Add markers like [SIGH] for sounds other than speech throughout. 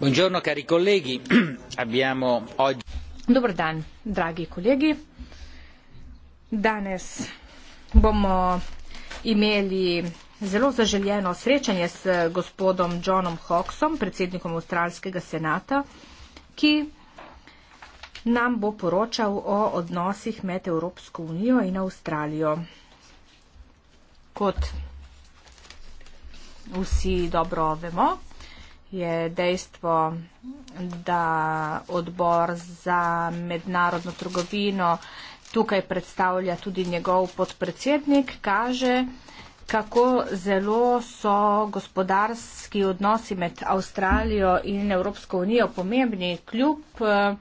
[CLEARS THROAT] Dobro dan, dragi kolegi. Danes bomo imeli zelo zaželjeno srečanje s gospodom Johnom Hawksom, predsednikom Avstralskega senata, ki nam bo poročal o odnosih med Evropsko unijo in Avstralijo. Kot vsi dobro vemo, je dejstvo, da odbor za mednarodno trgovino tukaj predstavlja tudi njegov podpredsednik, kaže, kako zelo so gospodarski odnosi med Avstralijo in Evropsko unijo pomembni, kljub eh,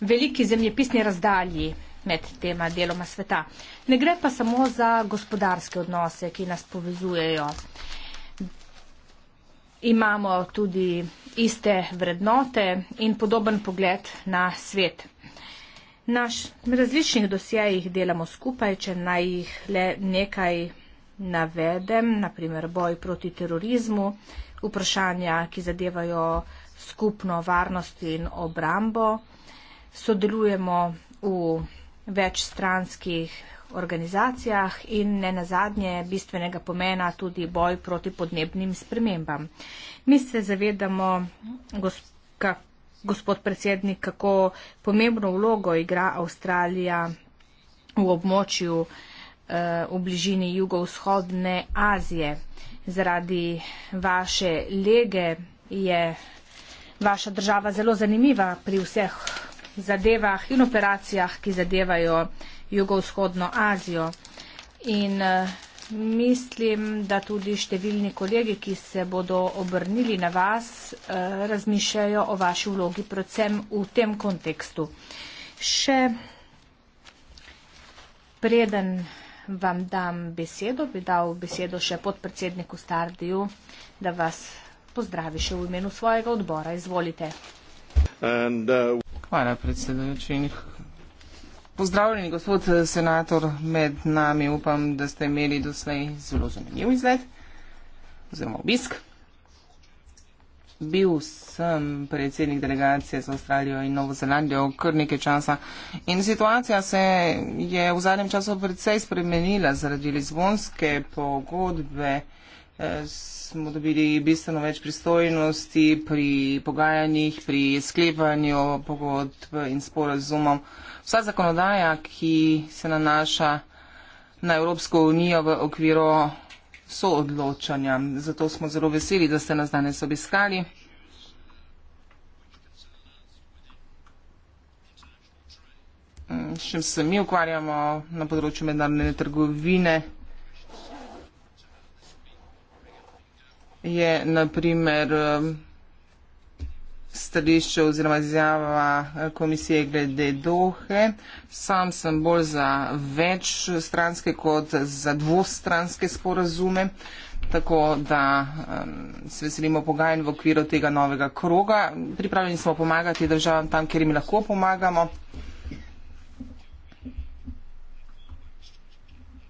veliki zemljepisni razdalji med tema deloma sveta. Ne gre pa samo za gospodarske odnose, ki nas povezujejo imamo tudi iste vrednote in podoben pogled na svet. Naš različnih dosjejih delamo skupaj, če naj jih le nekaj navedem, naprimer boj proti terorizmu, vprašanja, ki zadevajo skupno varnost in obrambo. Sodelujemo v večstranskih organizacijah in ne nazadnje bistvenega pomena tudi boj proti podnebnim spremembam. Mi se zavedamo, gospod predsednik, kako pomembno vlogo igra Avstralija v območju eh, v bližini jugovzhodne Azije. Zaradi vaše lege je vaša država zelo zanimiva pri vseh zadevah in operacijah, ki zadevajo uh, jugovzhodno Azijo. In eh, mislim, da tudi številni kolegi, ki se bodo obrnili na vas, eh, razmišljajo o vaši vlogi, predvsem v tem kontekstu. Še preden vam dam besedo, bi dal besedo še podpredsedniku Stardiju, da vas pozdravi še v imenu svojega odbora. Izvolite. Uh, Hvala predsedujoči in Pozdravljeni, gospod eh, senator, med nami upam, da ste imeli doslej zelo zanimiv izlet oziroma obisk. Bil sem predsednik delegacije za Avstralijo in Novo Zelandijo kar nekaj časa in situacija se je v zadnjem času predvsej spremenila zaradi Lizbonske pogodbe. S eh, smo dobili bistveno več pristojnosti pri pogajanjih, pri sklepanju pogodb in sporazumov. Vsa zakonodaja, ki se nanaša na Evropsko unijo v okviru soodločanja. Zato smo zelo veseli, da ste nas danes obiskali. S čim se mi ukvarjamo na področju mednarodne trgovine, je na primer um, stališče oziroma izjava eh, komisije glede dohe. Sam sem bolj za več stranske kot za dvostranske sporazume, tako da um, se veselimo pogajanj v okviru tega novega kroga. Pripravljeni smo pomagati državam tam, kjer jim lahko pomagamo.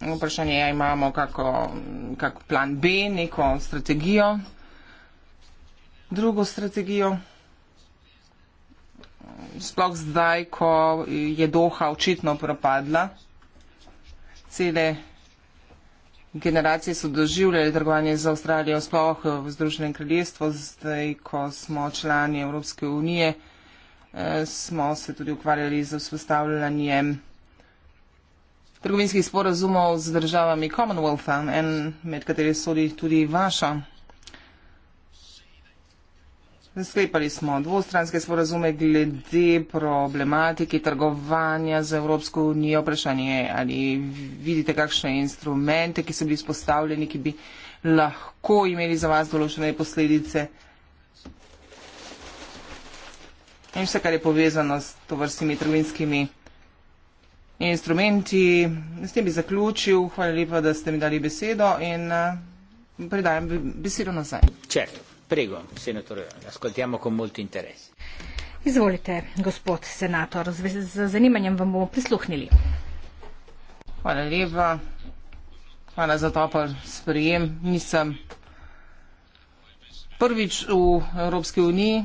Vprašanje je, imamo kako kak plan B, neko strategijo, drugo strategijo. Sploh zdaj, ko je Doha očitno propadla, cele generacije so doživljali trgovanje z Avstralijo, sploh v Združenem kraljestvu, zdaj, ko smo člani Evropske unije, eh, smo se tudi ukvarjali z vzpostavljanjem trgovinskih sporazumov z državami Commonwealtha, en med kateri sodi tudi vaša. Sklepali smo dvostranske sporazume glede problematiki trgovanja z Evropsko unijo. Vprašanje je, ali vidite kakšne instrumente, ki so bili spostavljeni, ki bi lahko imeli za vas določene posledice. In vse, kar je povezano s tovrstnimi trgovinskimi sporazumi in instrumenti. S tem bi zaključil. Hvala lepa, da ste mi dali besedo in uh, predajam besedo nazaj. Certo, prego, senator, ascoltiamo con molto interesse. Izvolite, gospod senator, z, z zanimanjem vam bomo prisluhnili. Hvala lepa. Hvala za topel sprejem. Nisem prvič v Evropski uniji.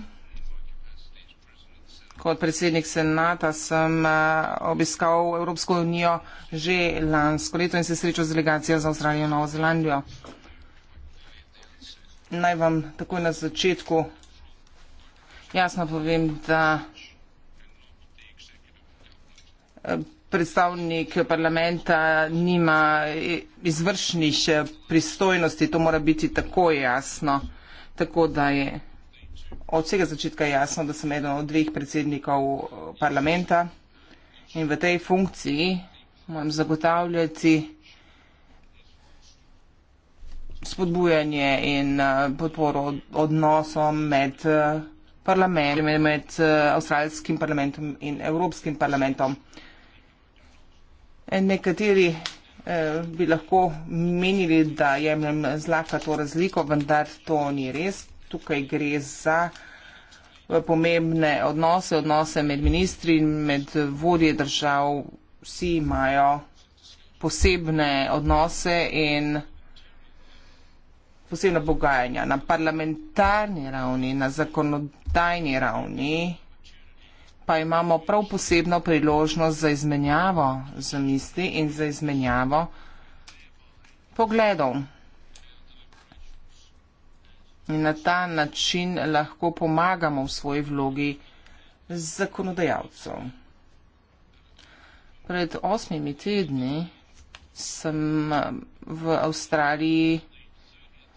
Kot predsednik senata sem eh, obiskal Evropsko unijo že lansko leto in se srečal z delegacijo za Avstralijo in Novo Zelandijo. Naj vam takoj na začetku jasno povem, da eh, predstavnik parlamenta nima eh, izvršnih pristojnosti, to mora biti takoj jasno. Tako da je od vsega začetka jasno, da sem eden od dveh predsednikov eh, parlamenta in v tej funkciji moram zagotavljati spodbujanje in eh, podporo odnosom med eh, parlamentom, med avstralskim parlamentom in evropskim parlamentom. Nekateri bi lahko menili, da jemljem zlahka to razliko, vendar to ni res tukaj gre za eh, pomembne odnose, odnose med ministri in med vodje držav. Vsi imajo posebne odnose in posebna pogajanja na parlamentarni ravni, na zakonodajni ravni pa imamo prav posebno priložnost za izmenjavo za misli in za izmenjavo pogledov in na ta način lahko pomagamo v svoji vlogi zakonodajalcev. Pred osmimi tedni sem um, v Avstraliji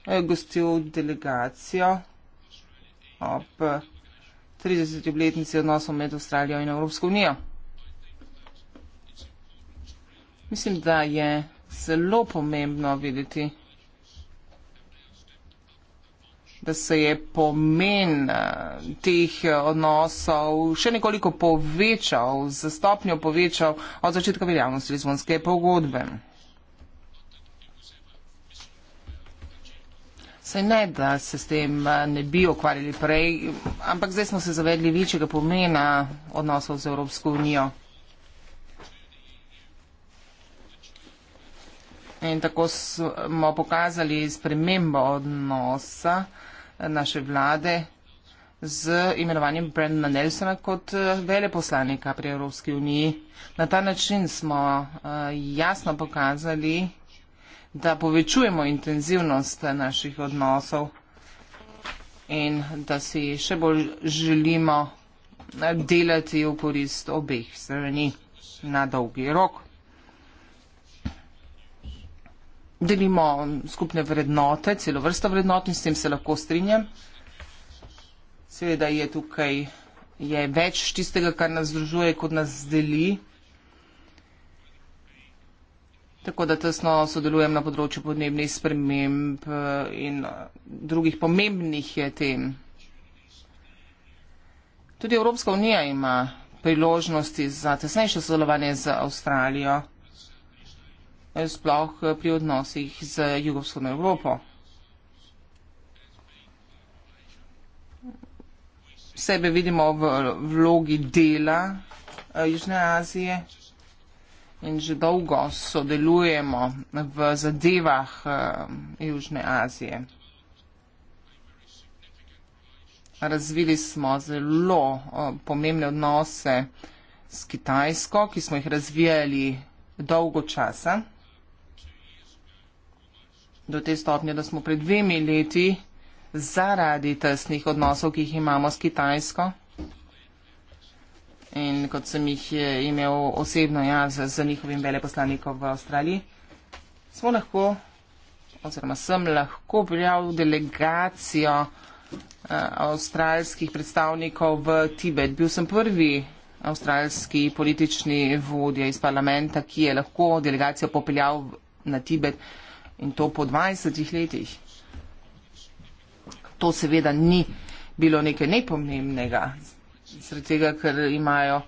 eh, gostil delegacijo ob 30. obletnici odnosov med Avstralijo in Evropsko unijo. Mislim, da je zelo pomembno videti, da se je pomen eh, teh eh, odnosov še nekoliko povečal, za stopnjo povečal od začetka veljavnosti Lizbonske pogodbe. Saj ne, da se s tem eh, ne bi okvarjali prej, ampak zdaj smo se zavedli večjega pomena odnosov z Evropsko unijo. In tako smo pokazali spremembo odnosa naše vlade z imenovanjem Brendana Nelsona kot eh, veleposlanika pri Evropski uniji. Na ta način smo eh, jasno pokazali, da povečujemo intenzivnost naših odnosov in da si še bolj želimo eh, delati v korist obeh strani na dolgi rok. delimo skupne vrednote, celo vrsto vrednot in s tem se lahko strinjam. Seveda je tukaj je več tistega, kar nas združuje, kot nas deli. Tako da tesno sodelujem na področju podnebnih sprememb eh, in eh, drugih pomembnih je tem. Tudi Evropska unija ima priložnosti za tesnejše sodelovanje z Avstralijo sploh eh, pri odnosih z jugovzhodno Evropo. Sebe vidimo v vlogi dela eh, Južne Azije in že dolgo sodelujemo v zadevah eh, Južne Azije. Razvili smo zelo pomembne odnose s Kitajsko, ki smo jih razvijali dolgo časa do te stopnje, da smo pred dvemi leti zaradi tesnih odnosov, ki jih imamo s Kitajsko in kot sem jih eh, imel osebno jaz za njihovim veleposlanikom v Avstraliji, smo lahko, oziroma sem lahko prijal delegacijo eh, avstralskih predstavnikov v Tibet. Bil sem prvi avstralski politični vodja iz parlamenta, ki je lahko delegacijo popeljal na Tibet in to po 20 letih. To seveda ni bilo nekaj nepomembnega, sred tega, ker imajo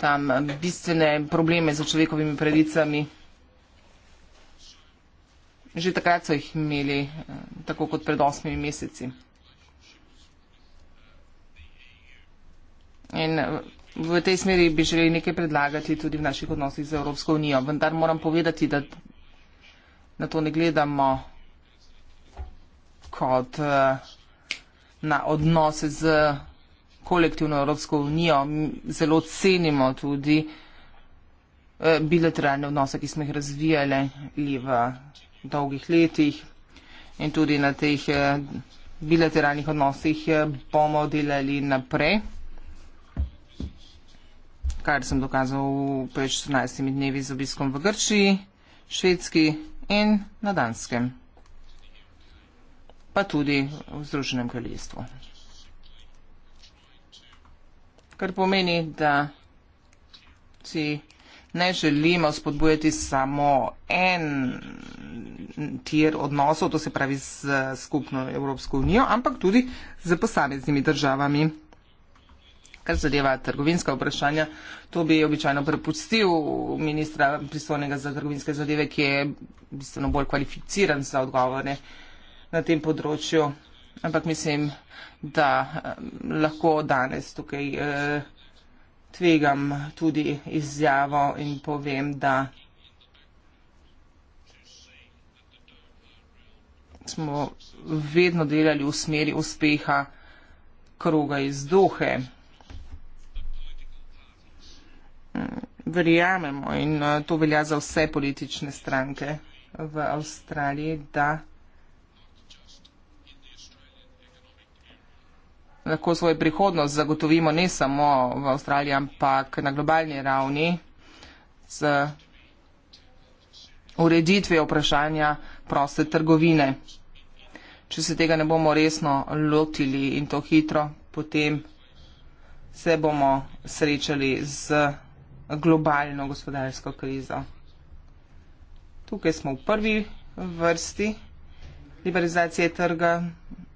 tam bistvene probleme z človekovimi pravicami. Že takrat so jih imeli, eh, tako kot pred osmimi meseci. In eh, v tej smeri bi želeli nekaj predlagati tudi v naših odnosih z Evropsko unijo, vendar moram povedati, da na to ne gledamo kot eh, na odnose z kolektivno Evropsko unijo. Zelo cenimo tudi eh, bilateralne odnose, ki smo jih razvijali v dolgih letih in tudi na teh eh, bilateralnih odnosih bomo delali naprej, kar sem dokazal pred 14 dnevi z obiskom v Grčiji, Švedski, in na Danskem, pa tudi v Združenem kraljestvu. Kar pomeni, da si ne želimo spodbujati samo en tir odnosov, to se pravi z skupno Evropsko unijo, ampak tudi z posameznimi državami kar zadeva trgovinska vprašanja, to bi običajno prepustil ministra pristojnega za trgovinske zadeve, ki je bistveno bolj kvalificiran za odgovore na tem področju. Ampak mislim, da eh, lahko danes tukaj eh, tvegam tudi izjavo in povem, da smo vedno delali v smeri uspeha kroga iz duhe verjamemo in eh, to velja za vse politične stranke v Avstraliji, da lahko svojo prihodnost zagotovimo ne samo v Avstraliji, ampak na globalni ravni z ureditvijo vprašanja proste trgovine. Če se tega ne bomo resno lotili in to hitro, potem se bomo srečali z globalno gospodarsko krizo. Tukaj smo v prvi vrsti liberalizacije trga,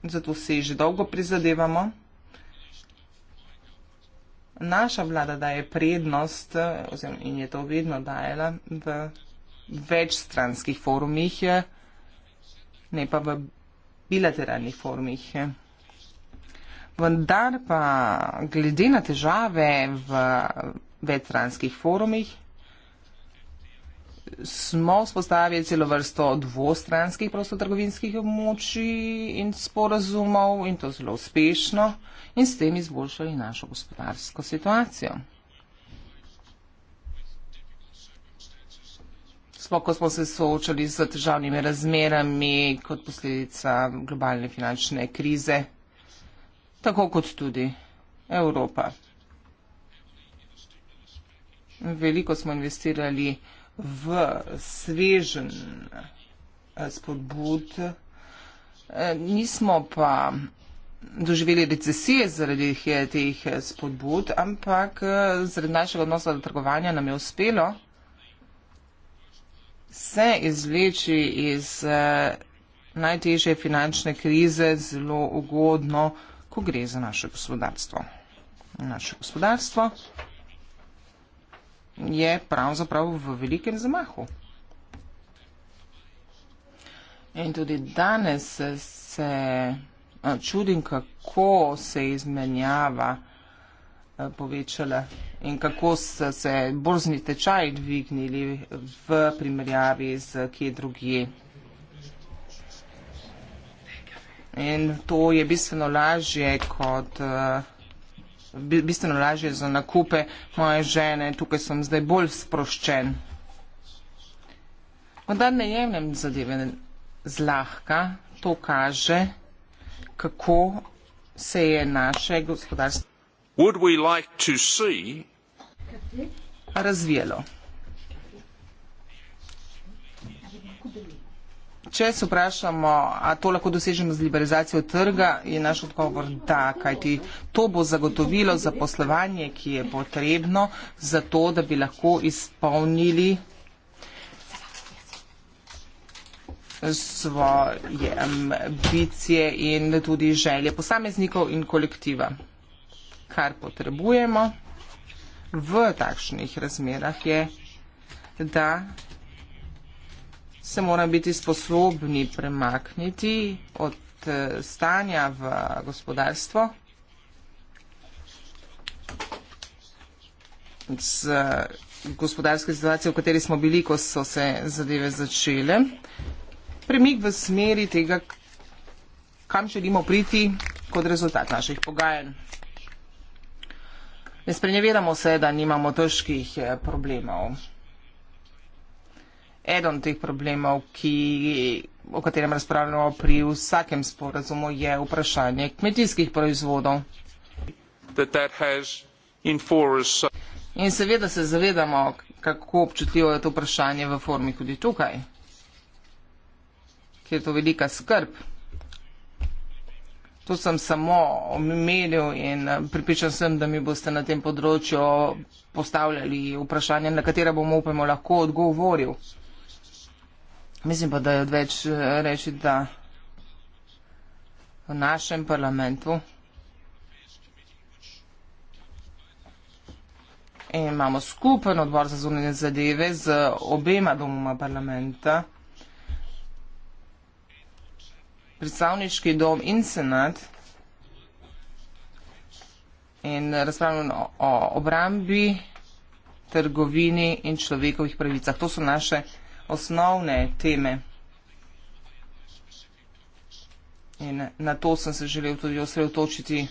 zato se že dolgo prizadevamo. Naša vlada daje prednost in je to vedno dajala v več stranskih forumih, ne pa v bilateralnih forumih. Vendar pa glede na težave v večstranskih forumih. Smo vzpostavili celo vrsto dvostranskih prostotrgovinskih območij in sporazumov in to zelo uspešno in s tem izboljšali našo gospodarsko situacijo. Sploh, ko smo se soočali z državnimi razmerami kot posledica globalne finančne krize, tako kot tudi Evropa veliko smo investirali v svežen eh, spodbud, eh, nismo pa doživeli recesije zaradi teh eh, spodbud, ampak zaradi našega odnosa do trgovanja nam je uspelo se izvleči iz najtežje finančne krize zelo ugodno, ko gre za naše gospodarstvo. Naše gospodarstvo je pravzaprav v velikem zamahu. In tudi danes se čudim, kako se je izmenjava povečala in kako so se borzni tečaji dvignili v primerjavi z kje drugje. In to je bistveno lažje kot uh, bistveno lažje za nakupe moje žene, tukaj sem zdaj bolj sproščen. Vendar ne jemljem zadeve zlahka, to kaže, kako se je naše gospodarstvo razvijalo. Če se vprašamo, a to lahko dosežemo z liberalizacijo trga, je naš odgovor da, kajti to bo zagotovilo zaposlovanje, ki je potrebno za to, da bi lahko izpolnili svoje ambicije in tudi želje posameznikov in kolektiva. Kar potrebujemo v takšnih razmerah je, da se mora biti sposobni premakniti od eh, stanja v gospodarstvo z gospodarske situacije, v kateri smo bili, ko so se zadeve začele, premik v smeri tega, kam želimo priti kot rezultat naših pogajanj. Ne sprenjeveramo se, da nimamo težkih eh, problemov eden od teh problemov, ki, o katerem razpravljamo pri vsakem sporazumu, je vprašanje kmetijskih proizvodov. That that force... In seveda se zavedamo, kako občutljivo je to vprašanje v formi tudi tukaj, ker je to velika skrb. To sem samo omenil in eh, pripričan sem, da mi boste na tem področju postavljali vprašanje, na katera bomo upajmo lahko odgovoril. Mislim pa, da je odveč eh, reči, da v našem parlamentu imamo skupen odbor za zunanje zadeve z obema domoma parlamenta, predstavniški dom in senat in razpravljamo o obrambi, trgovini in človekovih pravicah. To so naše vsega osnovne teme. In na to sem se želel tudi osredotočiti.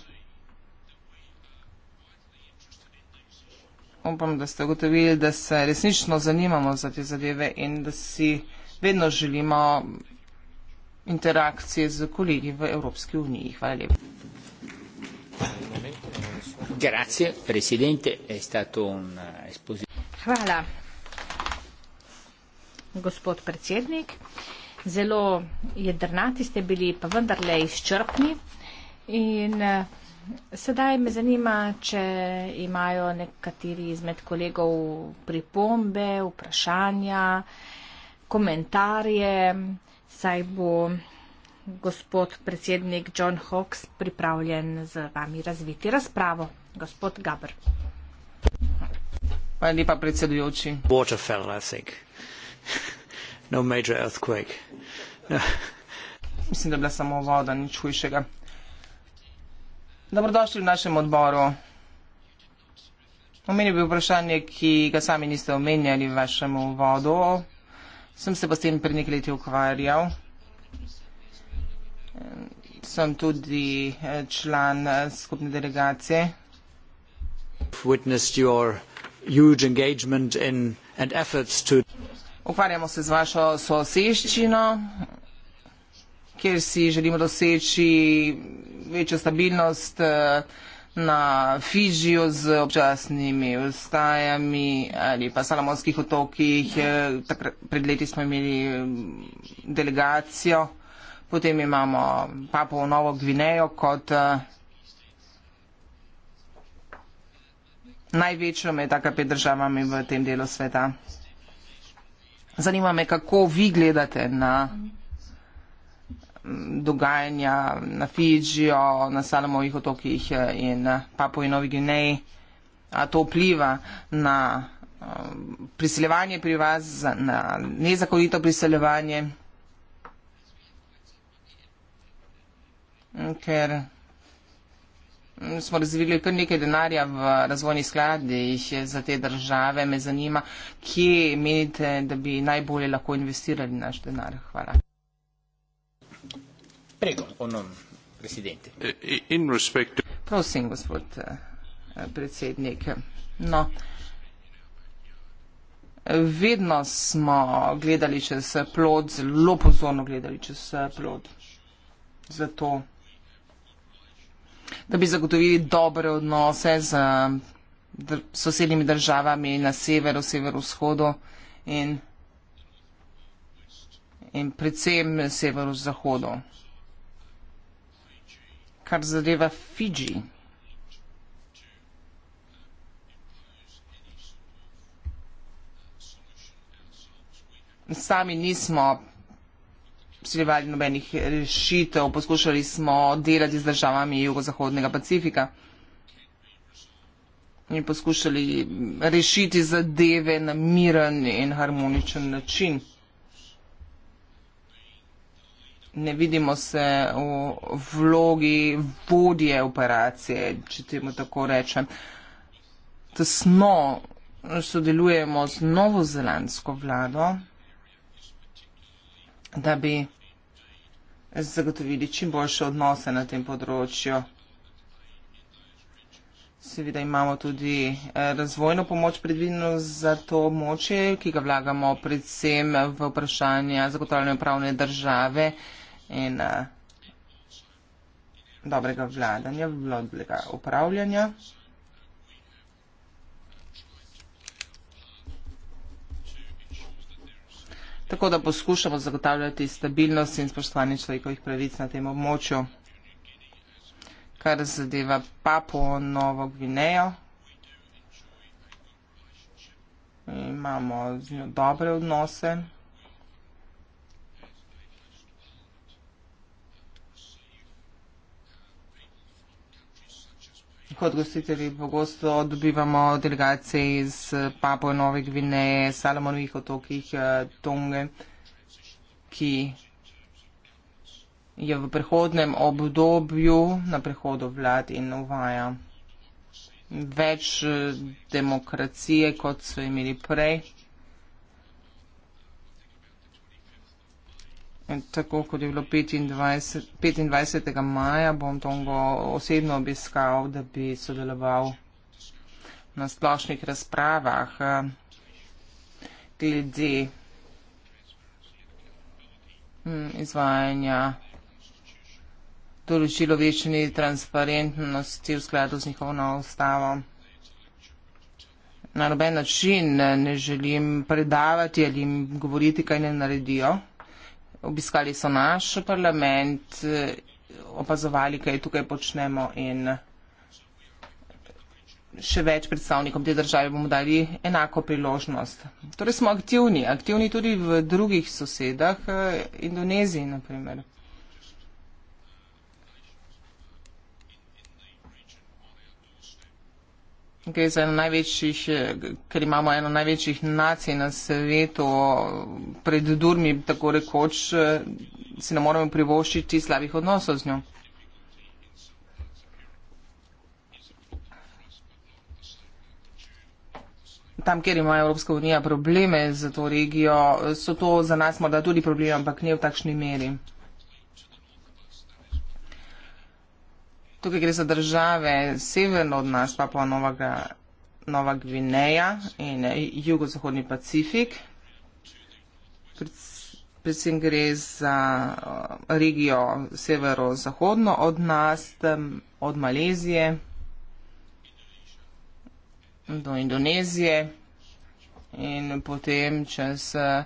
Upam, da ste ugotovili, da se resnično zanimamo za te zadeve in da si vedno želimo interakcije z kolegi v Evropski uniji. Hvala lepa. Grazie, Presidente, è stato un'esposizione. Eh, Hvala, gospod predsednik. Zelo jedrnati ste bili, pa vendarle izčrpni. In eh, sedaj me zanima, če imajo nekateri izmed kolegov pripombe, vprašanja, komentarje, saj bo gospod predsednik John Hawks pripravljen z vami razviti razpravo. Gospod Gabr. Hvala lepa, predsedujoči. Waterfell, I think. [LAUGHS] no major earthquake. No. Mislim, da je bila samo voda, nič hujšega. Dobrodošli v našem odboru. Omenil bi vprašanje, ki ga sami niste omenjali v vašem uvodu. Sem se pa s tem pred nekaj leti ukvarjal. Sem tudi eh, član eh, skupne delegacije. Witnessed your huge engagement in and efforts to Ukvarjamo se z vašo soseščino, kjer si želimo doseči večjo stabilnost eh, na Fižijo z občasnimi ustajami ali pa Salamonskih otokih. Eh, pred leti smo imeli mm, delegacijo, potem imamo papo v Novo Gvinejo kot eh, največjo med AKP državami v tem delu sveta. Zanima me, kako vi gledate na mm, dogajanja na Fidžijo, na Salomovih otokih eh, in eh, Papoji Novi Gineji. A to vpliva na eh, priseljevanje pri vas, na nezakonito priseljevanje? Ker smo razvili kar nekaj denarja v razvojnih skladih za te države. Me zanima, kje menite, da bi najbolje lahko investirali naš denar. Hvala. Prego, onom, presidente. Eh, in respect... Prosim, gospod eh, predsednik. No. Vedno smo gledali čez plod, zelo pozorno gledali čez plod. Zato da bi zagotovili dobre odnose z dr sosednjimi državami na severu, severovzhodu in, in predvsem severozahodu. Kar zadeva Fiji. Sami nismo sprejevali nobenih rešitev, poskušali smo delati z državami jugozahodnega Pacifika in poskušali rešiti zadeve na miren in harmoničen način. Ne vidimo se v vlogi vodje operacije, če temu tako rečem. Tesno sodelujemo z novozelandsko vlado da bi zagotovili čim boljše odnose na tem področju. Seveda imamo tudi eh, razvojno pomoč predvideno za to moče, ki ga vlagamo predvsem v vprašanje zagotavljanja pravne države in eh, dobrega vladanja, dobrega upravljanja. tako da poskušamo zagotavljati stabilnost in spoštovanje človekovih pravic na tem območju. Kar zadeva Papo Novo Gvinejo, imamo z njo dobre odnose. kot gostitelji pogosto dobivamo delegacije iz eh, Papoje Nove Gvineje, Salomonovih otokih, eh, Tonge, ki je v prehodnem obdobju na prehodu vlad in uvaja več eh, demokracije, kot so imeli prej. tako kot je bilo 25. 25. maja, bom Tongo osebno obiskal, da bi sodeloval na splošnih razpravah eh, glede hm, izvajanja določilo večni transparentnosti v skladu z njihovno ustavo. Na noben način ne želim predavati ali jim govoriti, kaj ne naredijo obiskali so naš parlament, eh, opazovali, kaj tukaj počnemo in še več predstavnikom te države bomo dali enako priložnost. Torej smo aktivni, aktivni tudi v drugih sosedah, eh, Indoneziji naprimer. Gre za eno največjih, eh, ker imamo eno največjih nacij na svetu, pred durmi, tako rekoč, eh, si ne moremo privoščiti slabih odnosov z njo. Tam, kjer ima Evropska unija probleme za to regijo, so to za nas morda tudi problemi, ampak ne v takšni meri. Tukaj gre za države severno od nas, pa pa Novaga, Nova Gvineja in jugozahodni Pacifik. Predvsem gre za uh, regijo severozahodno od nas, od Malezije do Indonezije in potem čez uh,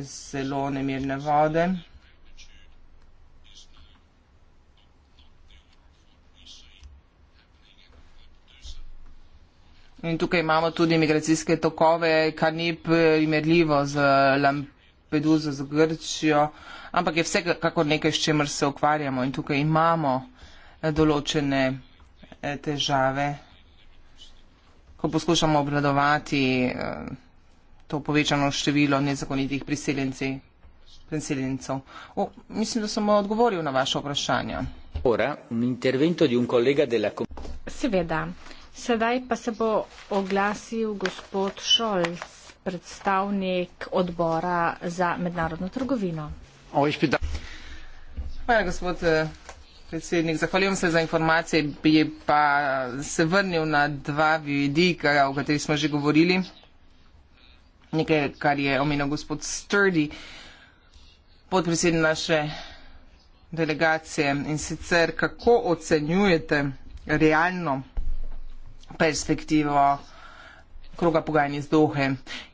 zelo nemirne vode. In tukaj imamo tudi migracijske tokove, kar ni eh, primerljivo z Lampeduzo, z Grčijo, ampak je vsekakor nekaj, s čemer se ukvarjamo in tukaj imamo eh, določene eh, težave, ko poskušamo obladovati to povečano število nezakonitih priseljencev. O, mislim, da sem odgovoril na vaše vprašanje. Ora, un intervento di un collega della Seveda. Sedaj pa se bo oglasil gospod Šolc, predstavnik odbora za mednarodno trgovino. Hvala, gospod eh, predsednik. Zahvaljujem se za informacije. Bi pa se vrnil na dva vidika, o katerih smo že govorili. Nekaj, kar je omenil gospod Sturdy, podpredsednik naše delegacije. In sicer, kako ocenjujete realno perspektivo kroga pogajanj iz Dohe.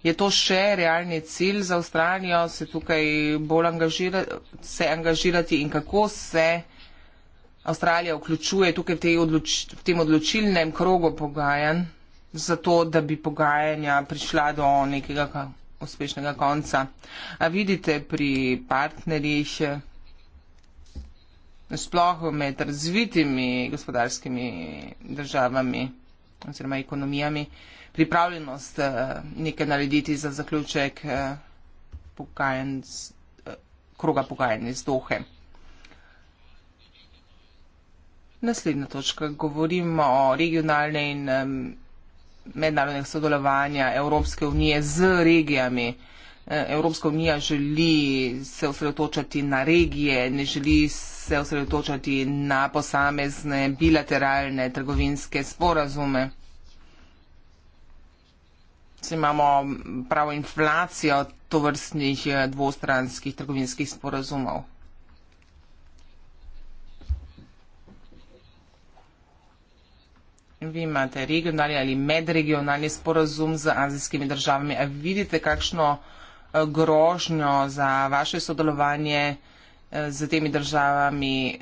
Je to še realni cilj za Avstralijo, se tukaj bolj angažira, se angažirati in kako se Avstralija vključuje tukaj v, odloč, v tem odločilnem krogu pogajanj, zato da bi pogajanja prišla do nekega uspešnega konca. A vidite pri partnerjih sploh med razvitimi gospodarskimi državami? oziroma ekonomijami, pripravljenost eh, nekaj narediti za zaključek eh, pogajen, eh, kroga pogajanja iz Dohe. Naslednja točka. Govorimo o regionalne in mednarodnih sodelovanja Evropske unije z regijami. Evropska unija želi se osredotočati na regije, ne želi se osredotočati na posamezne bilateralne trgovinske sporazume. Se imamo pravo inflacijo to vrstnih eh, dvostranskih trgovinskih sporazumov. Vi imate regionalni ali medregionalni sporazum z azijskimi državami. A vidite, kakšno uh, grožnjo za vaše sodelovanje eh, z temi državami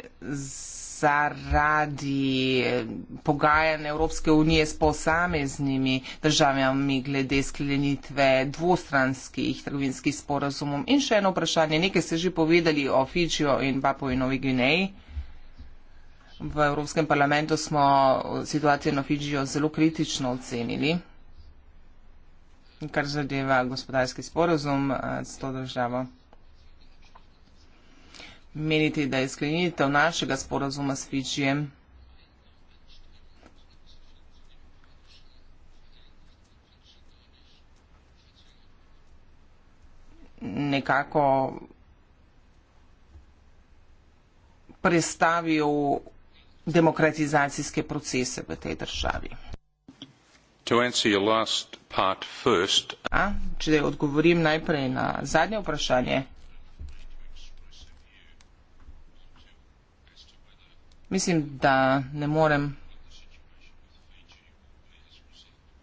zaradi eh, pogajanj Evropske unije s posameznimi državami glede sklenitve dvostranskih trgovinskih sporazumov. In še eno vprašanje, nekaj ste že povedali o Fidžiju in Papovi Novi Gvineji. V Evropskem parlamentu smo situacijo na Fidžiju zelo kritično ocenili kar zadeva gospodarski sporozum eh, s to državo. Menite, da je sklenitev našega sporozuma s Fidžijem nekako predstavil demokratizacijske procese v tej državi. Če odgovorim najprej na zadnje vprašanje. Mislim, da ne morem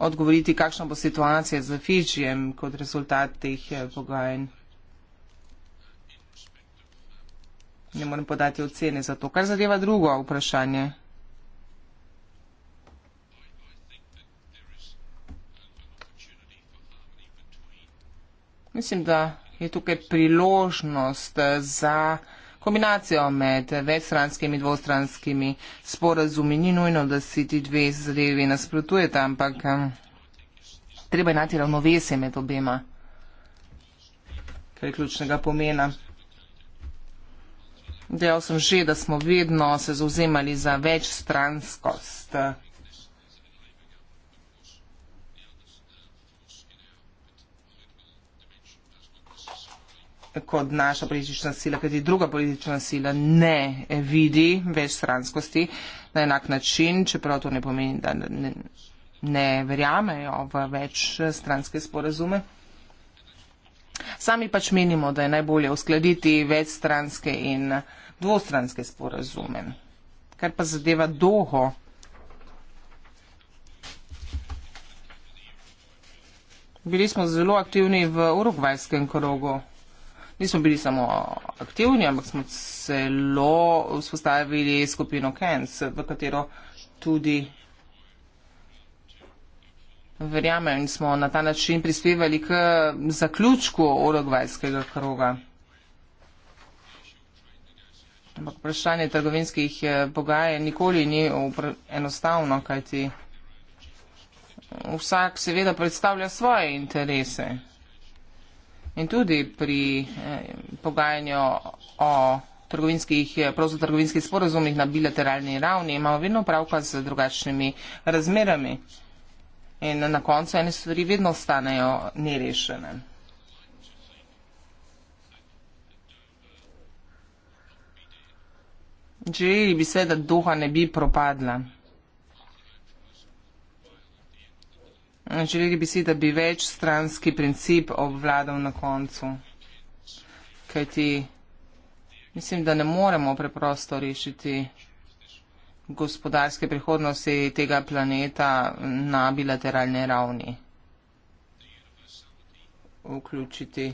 odgovoriti, kakšna bo situacija z Fidžijem kot rezultat teh eh, pogajanj. Ne morem podati ocene za to. Kar zadeva drugo vprašanje. Mislim, da je tukaj priložnost eh, za kombinacijo med večstranskimi in dvostranskimi sporazumi. Ni nujno, da si ti dve zadevi nasprotujete, ampak eh, treba je najti ravnovesje med obema, kar je ključnega pomena. Dejal sem že, da smo vedno se zauzemali za večstranskost. kot naša politična sila, kot je druga politična sila, ne vidi več stranskosti na enak način, čeprav to ne pomeni, da ne, ne verjamejo v več stranske sporazume. Sami pač menimo, da je najbolje uskladiti večstranske in dvostranske sporazume. Kar pa zadeva doho, bili smo zelo aktivni v urugvajskem krogu nismo bili samo aktivni, ampak smo celo vzpostavili skupino Kens, v katero tudi verjamem in smo na ta način prispevali k zaključku urogvajskega kroga. Ampak vprašanje trgovinskih eh, pogajanj nikoli ni enostavno, kajti vsak seveda predstavlja svoje interese. In tudi pri eh, pogajanju o trgovinskih, prosto trgovinskih sporozumih na bilateralni ravni imamo vedno pravka z drugačnimi razmerami. In na koncu ene stvari vedno ostanejo nerešene. Želeli bi se, da duha ne bi propadla. strani, želeli bi si, da bi več stranski princip obvladal na koncu. Kaj ti mislim, da ne moremo preprosto rešiti gospodarske prihodnosti tega planeta na bilateralni ravni. Vključiti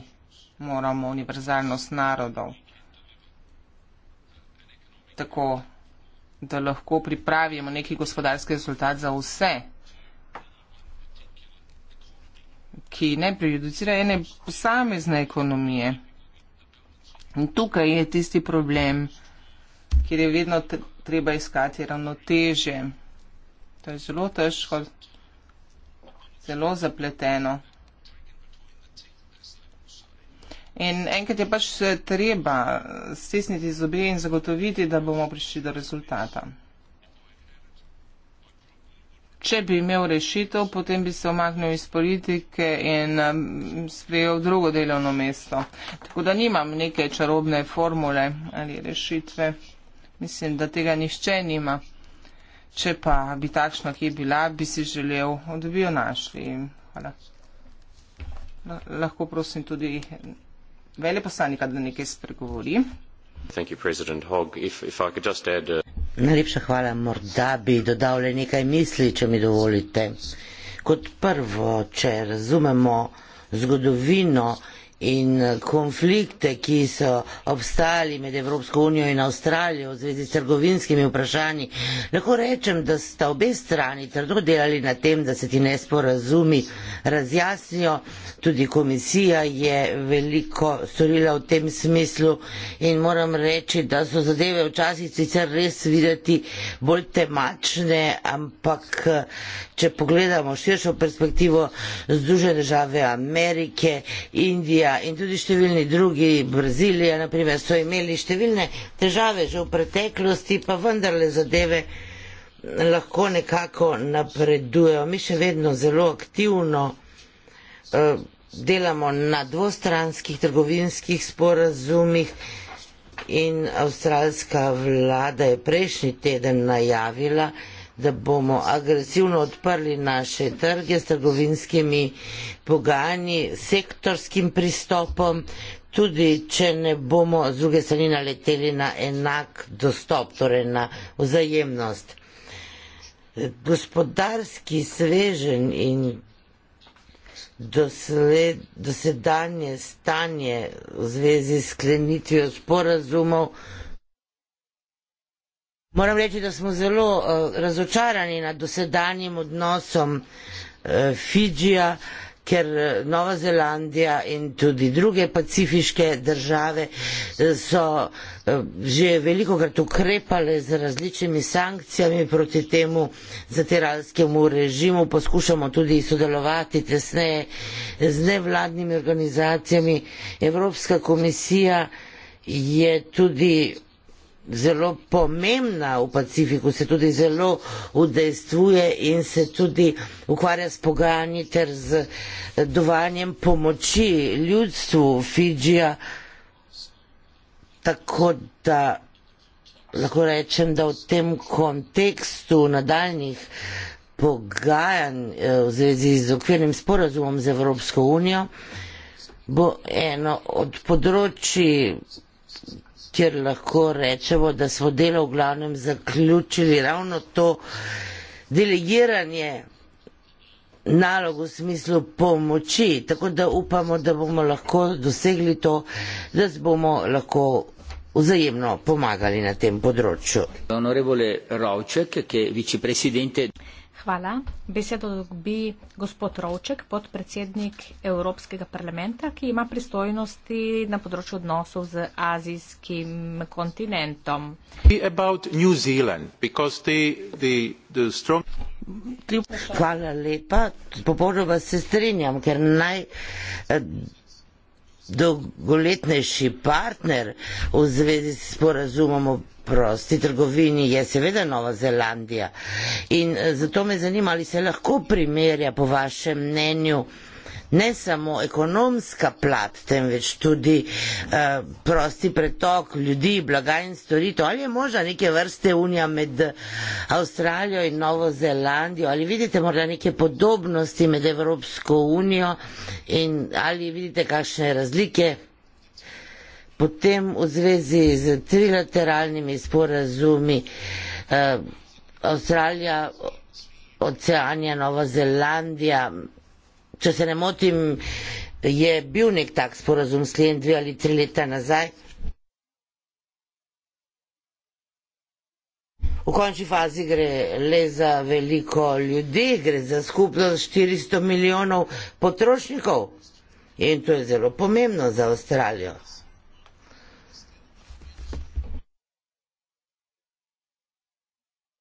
moramo univerzalnost narodov. Tako, da lahko pripravimo neki gospodarski rezultat za vse ki ne prejudicira ene posamezne ekonomije. In tukaj je tisti problem, kjer je vedno treba iskati ravnotežje. To je zelo težko, zelo zapleteno. In enkrat je pač eh, treba stisniti zobe in zagotoviti, da bomo prišli do rezultata. Če bi imel rešitev, potem bi se omaknil iz politike in um, sprejel drugo delovno mesto. Tako da nimam neke čarobne formule ali rešitve. Mislim, da tega nišče nima. Če pa bi takšna, ki je bila, bi si želel, da bi jo našli. Hvala. Lahko prosim tudi veleposlanika, da nekaj spregovori. Thank you, President Hogg. If, if I could just add. Uh... Najlepša hvala. Morda bi dodal le nekaj misli, če mi dovolite. Kot prvo, če razumemo zgodovino in eh, konflikte, ki so obstali med Evropsko unijo in Avstralijo v zvezi s trgovinskimi vprašanji, lahko rečem, da sta obe strani trdo delali na tem, da se ti nesporazumi razjasnijo. Tudi komisija je veliko storila v tem smislu in moram reči, da so zadeve včasih sicer res videti bolj temačne, ampak eh, če pogledamo širšo perspektivo Združene države Amerike, Indija, Nigerija in tudi številni drugi, Brazilija, naprimer, so imeli številne težave že v preteklosti, pa vendarle zadeve lahko nekako napredujejo. Mi še vedno zelo aktivno uh, delamo na dvostranskih trgovinskih sporazumih in avstralska vlada je prejšnji teden najavila, da bomo agresivno odprli naše trge s trgovinskimi pogajanji, sektorskim pristopom, tudi če ne bomo z druge strani naleteli na enak dostop, torej na vzajemnost. Gospodarski svežen in dosled, dosedanje stanje v zvezi s klenitvijo sporazumov Moram reči, da smo zelo uh, razočarani nad dosedanjem odnosom uh, Fidžija, ker eh, Nova Zelandija in tudi druge pacifiške države so že veliko krat ukrepale z različnimi sankcijami proti temu zateralskemu režimu. Poskušamo tudi sodelovati tesneje z nevladnimi organizacijami. Evropska komisija je tudi zelo pomembna v Pacifiku, se tudi zelo udejstvuje in se tudi ukvarja s pogajanji ter z dovanjem pomoči ljudstvu Fidžija, tako da lahko rečem, da v tem kontekstu nadaljnih pogajanj eh, v zvezi z okvirnim sporazumom z Evropsko unijo bo eno od področji kjer lahko rečemo, da smo delo v glavnem zaključili ravno to delegiranje nalog v smislu pomoči. Tako da upamo, da bomo lahko dosegli to, da bomo lahko vzajemno pomagali na tem področju. Onorevole Rovček, ki je vicepresidente. Hvala. Besedo dobi gospod Rovček, podpredsednik Evropskega parlamenta, ki ima pristojnosti na področju odnosov z azijskim kontinentom. Hvala lepa. Popolnoma se strinjam, ker naj. Eh, dolgoletnejši partner v zvezi s porazumom o prosti trgovini je seveda Nova Zelandija. In eh, zato me zanima, ali se lahko primerja po vašem mnenju ne samo ekonomska plat, temveč tudi uh, prosti pretok ljudi, blaga in storitev. Ali je možno neke vrste unija med Avstralijo in Novo Zelandijo? Ali vidite morda neke podobnosti med Evropsko unijo in ali vidite kakšne razlike? Potem v zvezi z trilateralnimi sporazumi eh, Avstralija, Oceanija, Nova Zelandija, če se ne motim, je bil nek tak sporazum sklenjen dve ali tri leta nazaj. V končni fazi gre le za veliko ljudi, gre za skupnost 400 milijonov potrošnikov in to je zelo pomembno za Avstralijo.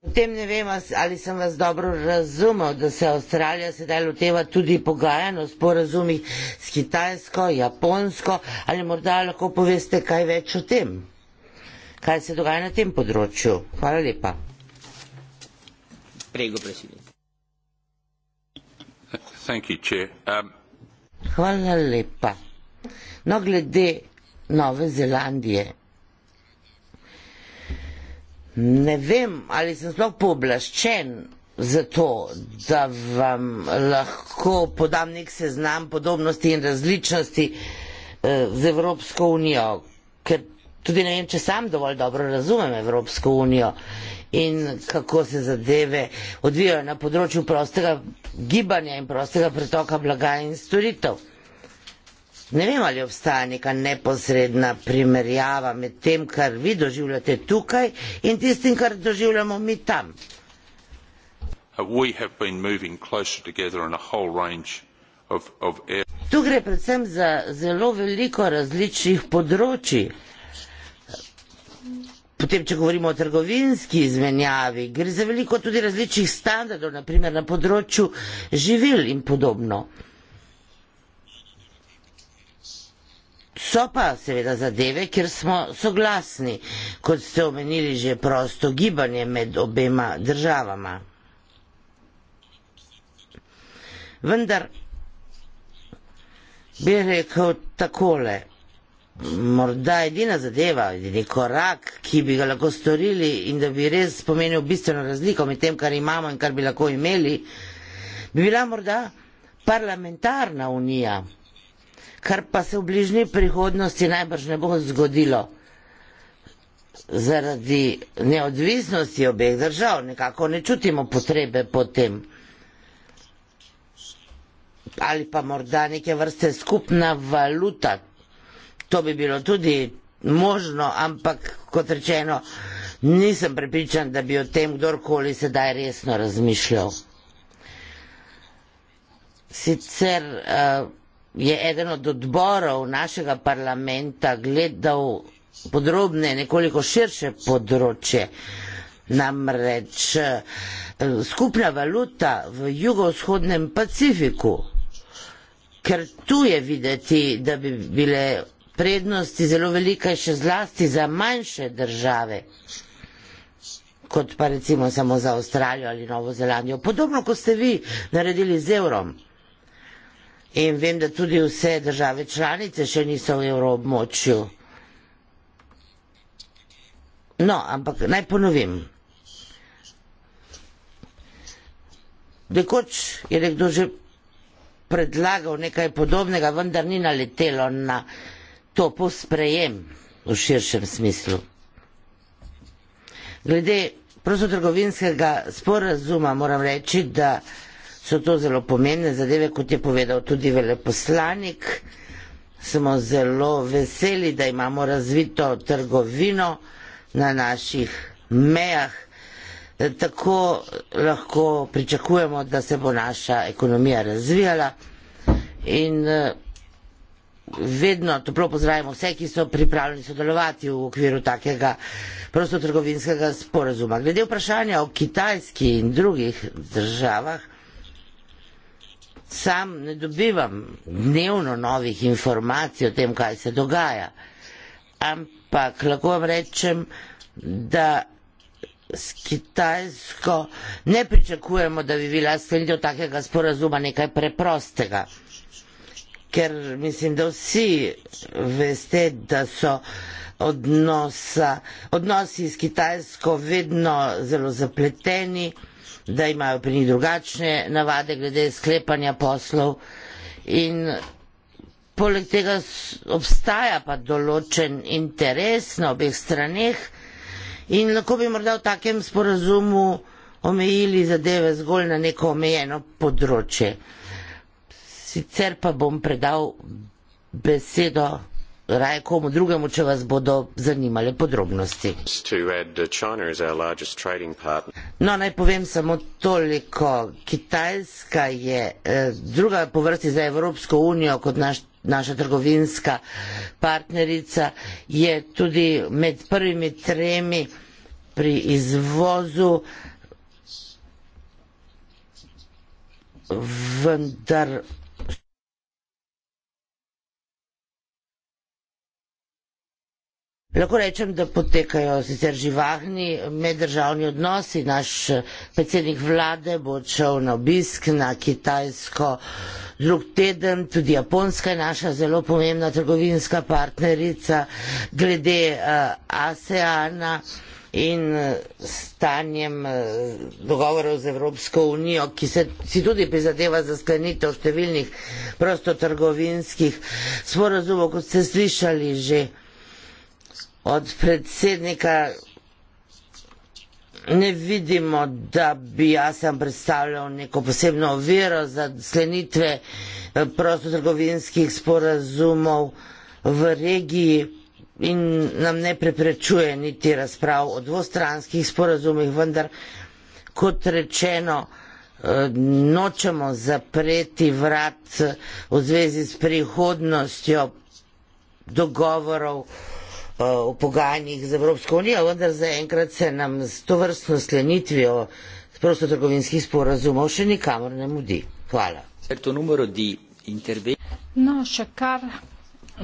V tem ne vem, ali sem vas dobro razumel, da se Avstralija sedaj loteva tudi pogajanj o sporazumih s Kitajsko, Japonsko, ali morda lahko poveste kaj več o tem, kaj se dogaja na tem področju. Hvala lepa. Prego, um. Hvala lepa. No, glede Nove Zelandije ne vem, ali sem sploh pooblaščen za to, da vam lahko podam nek seznam podobnosti in različnosti eh, z Evropsko unijo, ker tudi ne vem, če sam dovolj dobro razumem Evropsko unijo in kako se zadeve odvijajo na področju prostega gibanja in prostega pretoka blaga in storitev. Ne vem, ali obstaja neka neposredna primerjava med tem, kar vi doživljate tukaj in tistim, kar doživljamo mi tam. Uh, tu gre predvsem za zelo veliko različnih področji. Potem, če govorimo o trgovinski izmenjavi, gre za veliko tudi različnih standardov, naprimer na področju živil in podobno. So pa seveda zadeve, kjer smo soglasni, kot ste omenili že prosto gibanje med obema državama. Vendar bi rekel takole, morda edina zadeva, edini korak, ki bi ga lahko storili in da bi res pomenil bistveno razliko med tem, kar imamo in kar bi lahko imeli, bi bila morda parlamentarna unija kar pa se v bližnji prihodnosti najbrž ne bo zgodilo zaradi neodvisnosti obeh držav. Nekako ne čutimo potrebe po tem. Ali pa morda neke vrste skupna valuta. To bi bilo tudi možno, ampak kot rečeno, nisem prepričan, da bi o tem kdorkoli sedaj resno razmišljal. Sicer uh, je eden od odborov našega parlamenta gledal podrobne, nekoliko širše področje. Namreč eh, skupna valuta v jugovzhodnem Pacifiku, ker tu je videti, da bi bile prednosti zelo velike še zlasti za manjše države, kot pa recimo samo za Avstralijo ali Novo Zelandijo. Podobno, kot ste vi naredili z evrom in vem, da tudi vse države članice še niso v evroobmočju. No, ampak naj ponovim. Dekoč je nekdo že predlagal nekaj podobnega, vendar ni naletelo na to posprejem v širšem smislu. Glede prostotrgovinskega sporazuma moram reči, da so to zelo pomembne zadeve, kot je povedal tudi veleposlanik. Smo zelo veseli, da imamo razvito trgovino na naših mejah. Tako lahko pričakujemo, da se bo naša ekonomija razvijala in eh, vedno toplo pozdravimo vse, ki so pripravljeni sodelovati v okviru takega prostotrgovinskega sporazuma. Glede vprašanja o Kitajski in drugih državah, sam ne dobivam dnevno novih informacij o tem, kaj se dogaja. Ampak lahko vam rečem, da s Kitajsko ne pričakujemo, da bi bila sklenitev takega sporazuma nekaj preprostega. Ker mislim, da vsi veste, da so odnosa, odnosi s Kitajsko vedno zelo zapleteni da imajo pri njih drugačne navade glede sklepanja poslov. In poleg tega obstaja pa določen interes na obeh straneh in lahko bi morda v takem sporazumu omejili zadeve zgolj na neko omejeno področje. Sicer pa bom predal besedo raje komu drugemu, če vas bodo zanimale podrobnosti. Uh, no, naj povem samo toliko. Kitajska je eh, druga po vrsti za Evropsko unijo kot naš, naša trgovinska partnerica, je tudi med prvimi tremi pri izvozu. Vendar Lahko rečem, da potekajo sicer živahni meddržavni odnosi. Naš eh, predsednik vlade bo odšel na obisk na Kitajsko drug teden, tudi Japonska je naša zelo pomembna trgovinska partnerica glede uh, ASEANA in eh, stanjem dogovorov z Evropsko unijo, ki se, si tudi prizadeva za sklenitev številnih prostotrgovinskih sporazumov, kot ste slišali že od predsednika ne vidimo, da bi jaz predstavljal neko posebno vero za sklenitve eh, prostotrgovinskih sporazumov v regiji in nam ne preprečuje niti razprav o dvostranskih sporazumih, vendar kot rečeno eh, nočemo zapreti vrat eh, v zvezi s prihodnostjo dogovorov. Eh, v pogajanjih z Evropsko unijo, vendar zaenkrat se nam s to vrstno sklenitvijo prostotrgovinskih sporazumov še nikamor ne mudi. Hvala. No, še kar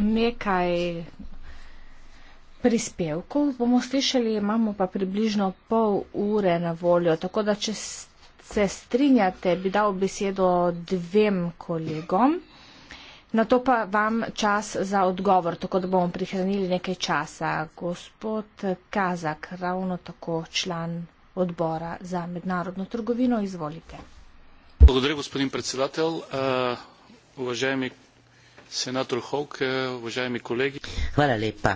nekaj prispevkov bomo slišali, imamo pa približno pol ure na voljo, tako da če se strinjate, bi dal besedo dvem kolegom. Na to pa vam čas za odgovor, tako da bomo prihranili nekaj časa. Gospod Kazak, ravno tako član odbora za mednarodno trgovino, izvolite. Благодаря, господин председател. Uh, уважаеми сенатор Хоук, uh, уважаеми колеги. Хвала лепа,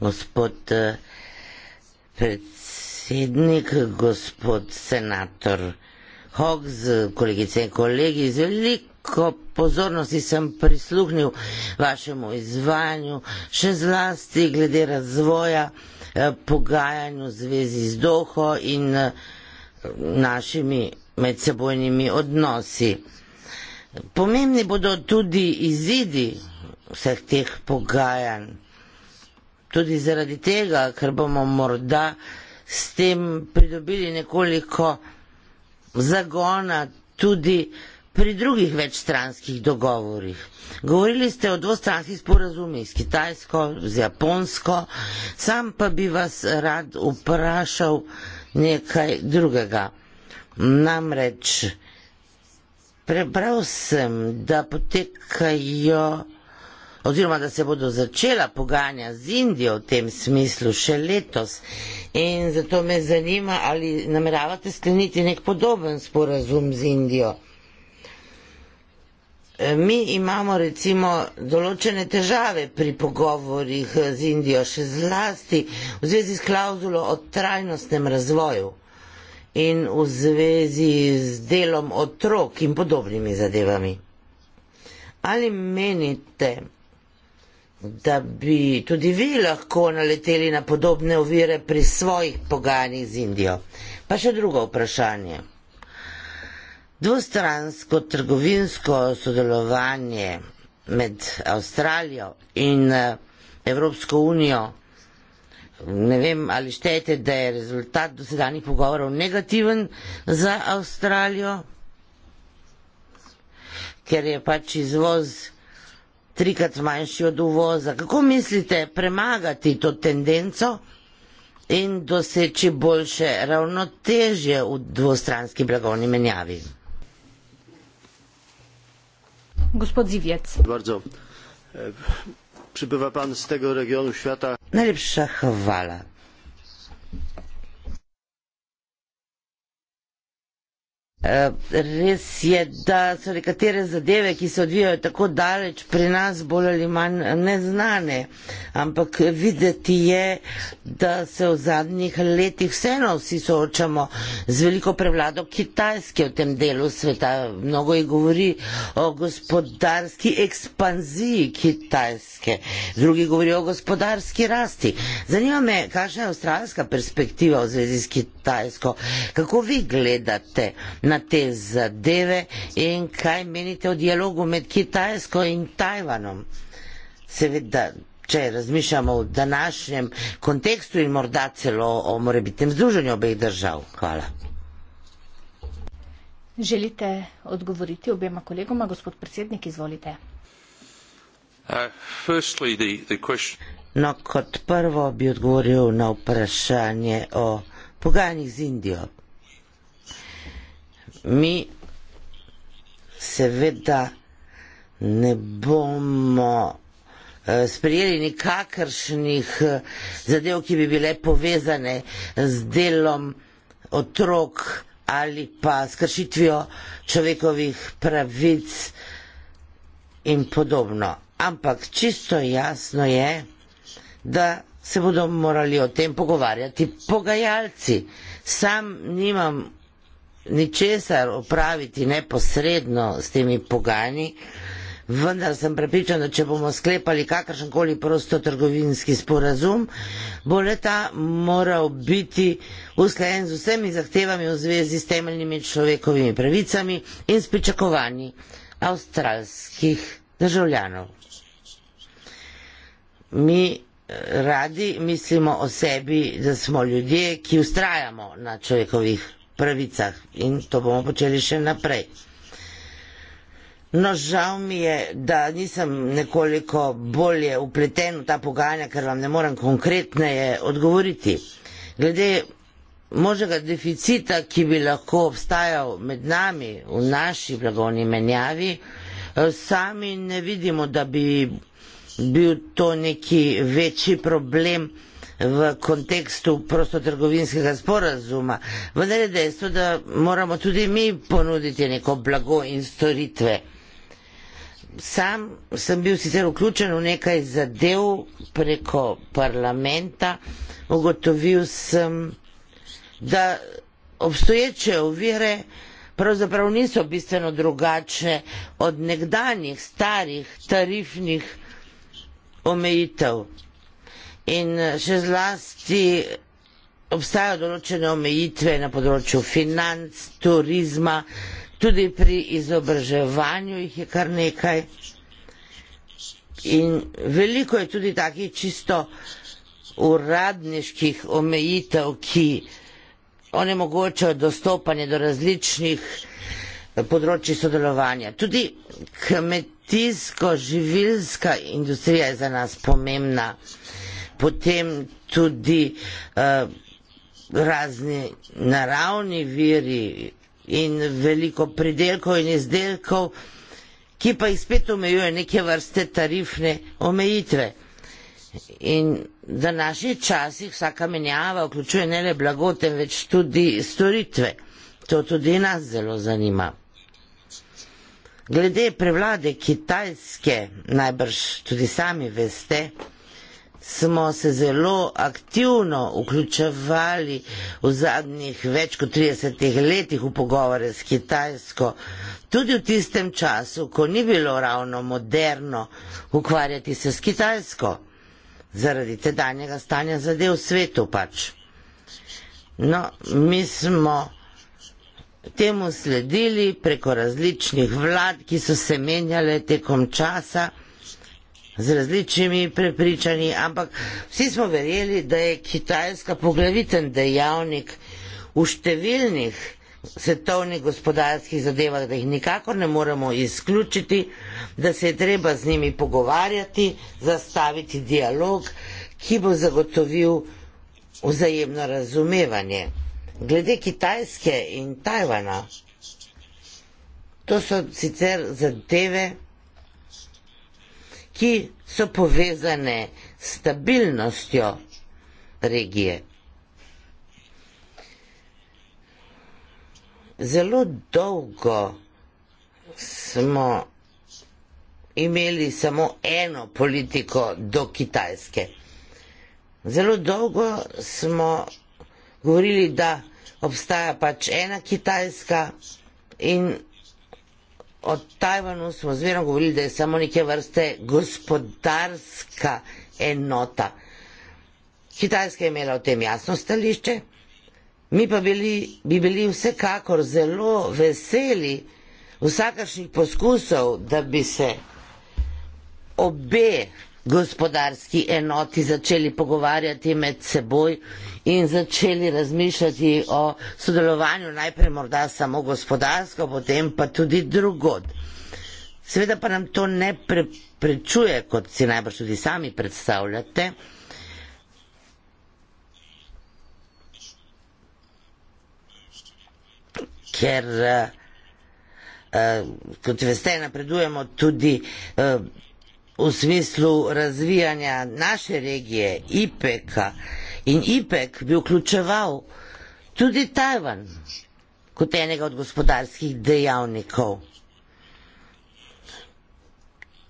господ председник, господ сенатор Хоук, колегице и колеги, с велик veliko pozornosti sem prisluhnil vašemu izvajanju, še zlasti glede razvoja, eh, pogajanju v zvezi z doho in eh, našimi medsebojnimi odnosi. Pomembni bodo tudi izidi vseh teh pogajanj, tudi zaradi tega, ker bomo morda s tem pridobili nekoliko zagona tudi pri drugih večstranskih dogovorih? Govorili ste o dvostranskih sporazumih s Kitajsko, z Japonsko, sam pa bi vas rad vprašal nekaj drugega. Namreč, prebral sem, da potekajo oziroma da se bodo začela pogajanja z Indijo v tem smislu še letos in zato me zanima, ali nameravate skleniti nek podoben sporazum z Indijo mi imamo recimo določene težave pri pogovorih z Indijo, še zlasti v zvezi s klauzulo o trajnostnem razvoju in v zvezi z delom otrok in podobnimi zadevami. Ali menite, da bi tudi vi lahko naleteli na podobne ovire pri svojih pogajanjih z Indijo? Pa še drugo vprašanje. Dvostransko trgovinsko sodelovanje med Avstralijo in eh, Evropsko unijo, ne vem, ali štejete, da je rezultat dosedanjih pogovorov negativen za Avstralijo, ker je pač izvoz trikrat manjši od uvoza. Kako mislite premagati to tendenco in doseči boljše ravnotežje v dvostranski blagovni menjavi? E, najlepša hvala. Eh, res je, da so nekatere zadeve, ki se odvijajo tako daleč pri nas, bolj ali manj neznane, ampak videti je, da se v zadnjih letih vseeno vsi soočamo z veliko prevlado Kitajske v tem delu sveta. Mnogo je govori o gospodarski ekspanziji Kitajske, drugi govorijo o gospodarski rasti. Zanima me, kakšna je avstralska perspektiva v zvezi s Kitajsko, kako vi gledate na na te zadeve in kaj menite o dialogu med Kitajsko in Tajvanom? Seveda, če razmišljamo v današnjem kontekstu in morda celo o morebitnem združenju obeh držav. Hvala. Želite odgovoriti obema kolegoma, gospod predsednik, izvolite. Uh, no, kot prvo bi odgovoril na vprašanje o pogajanjih z Indijo mi seveda ne bomo eh, sprijeli nikakršnih eh, zadev, ki bi bile povezane z delom otrok ali pa s kršitvijo človekovih pravic in podobno. Ampak čisto jasno je, da se bodo morali o tem pogovarjati pogajalci. Sam nimam ničesar opraviti neposredno s temi pogajanji, vendar sem prepričan, da če bomo sklepali kakršenkoli prostotrgovinski sporazum, bo leta moral biti usklajen z vsemi zahtevami v zvezi s temeljnimi človekovimi pravicami in s pričakovanji avstralskih državljanov. Mi eh, radi mislimo o sebi, da smo ljudje, ki ustrajamo na človekovih pravicah in to bomo počeli še naprej. No, žal mi je, da nisem nekoliko bolje upleten v ta pogajanja, ker vam ne morem konkretneje odgovoriti. Glede možnega deficita, ki bi lahko obstajal med nami v naši blagovni menjavi, eh, sami ne vidimo, da bi bil to neki večji problem v kontekstu prostotrgovinskega sporazuma, vendar je dejstvo, da moramo tudi mi ponuditi neko blago in storitve. Sam sem bil sicer vključen v nekaj zadev preko parlamenta, ugotovil sem, da obstoječe ovire pravzaprav niso bistveno drugačne od nekdanjih starih tarifnih omejitev in eh, še zlasti obstajajo določene omejitve na področju financ, turizma, tudi pri izobraževanju jih je kar nekaj. In veliko je tudi takih čisto uradniških omejitev, ki onemogočajo dostopanje do različnih eh, področji sodelovanja. Tudi kmetijsko-živilska industrija je za nas pomembna potem tudi uh, razni naravni viri in veliko pridelkov in izdelkov, ki pa jih spet omejuje neke vrste tarifne omejitve. In da naši časih vsaka menjava vključuje ne le blago, temveč tudi storitve. To tudi nas zelo zanima. Glede prevlade Kitajske, najbrž tudi sami veste, smo se zelo aktivno vključevali v zadnjih več kot 30 letih v pogovore s Kitajsko. Tudi v tistem času, ko ni bilo ravno moderno ukvarjati se s Kitajsko, zaradi tedanjega stanja zadev v svetu pač. No, mi smo temu sledili preko različnih vlad, ki so se menjale tekom časa z različnimi prepričanji, ampak vsi smo verjeli, da je Kitajska poglaviten dejavnik v številnih svetovnih gospodarskih zadevah, da jih nikakor ne moremo izključiti, da se je treba z njimi pogovarjati, zastaviti dialog, ki bo zagotovil vzajemno razumevanje. Glede Kitajske in Tajvana, to so sicer zadeve, ki so povezane s stabilnostjo regije. Zelo dolgo smo imeli samo eno politiko do Kitajske. Zelo dolgo smo govorili, da obstaja pač ena Kitajska in o Tajvanu smo zmerno govorili, da je samo neke vrste gospodarska enota. Kitajska je imela o tem jasno stališče, mi pa bili, bi bili vsekakor zelo veseli vsakršnih poskusov, da bi se obe gospodarski enoti začeli pogovarjati med seboj in začeli razmišljati o sodelovanju najprej morda samo gospodarsko, potem pa tudi drugod. Seveda pa nam to ne preprečuje, kot si najbrž tudi sami predstavljate, ker, uh, uh, kot veste, napredujemo tudi uh, u smislu razvijanja naše regije, IPEK-a in IPEK bi vključeval tudi Tajvan kot enega od gospodarskih dejavnikov.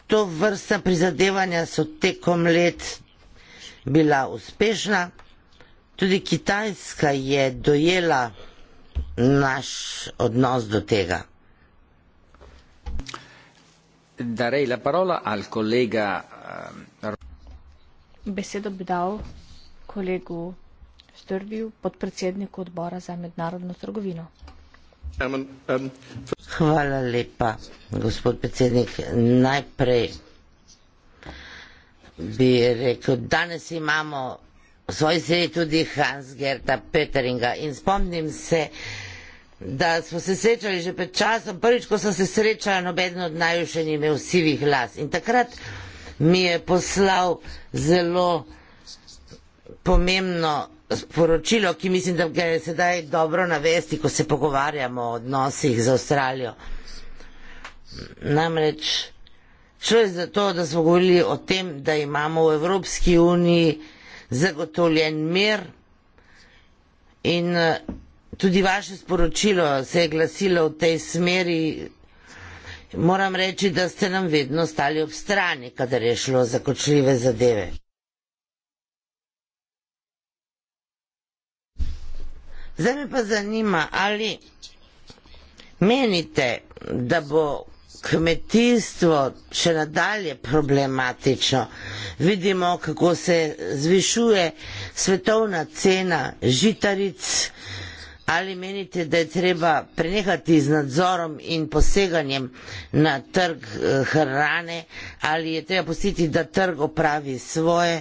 To vrsta prizadevanja so tekom let bila uspešna. Tudi Kitajska je dojela naš odnos do tega. Darej la parola al kolega. Ehm, Besedo bi dal kolegu Strdiju, podpredsedniku odbora za mednarodno trgovino. Ehm, Hvala lepa, gospod predsednik. Najprej bi rekel, danes imamo v svoji sredi tudi Hans Gerta Peteringa in spomnim se, da da smo se srečali že pred časom, prvič, ko sem se srečala, noben od najbolj še ni imel sivih las. In takrat mi je poslal zelo pomembno sporočilo, ki mislim, da ga je sedaj dobro navesti, ko se pogovarjamo o odnosih z Avstralijo. Namreč šlo je za to, da smo govorili o tem, da imamo v Evropski uniji zagotovljen mir in Tudi vaše sporočilo se je glasilo v tej smeri. Moram reči, da ste nam vedno stali ob strani, kadar je šlo za kočljive zadeve. Zdaj me pa zanima, ali menite, da bo kmetijstvo še nadalje problematično. Vidimo, kako se zvišuje svetovna cena žitaric, Ali menite, da je treba prenehati z nadzorom in poseganjem na trg eh, hrane, ali je treba pustiti, da trg opravi svoje?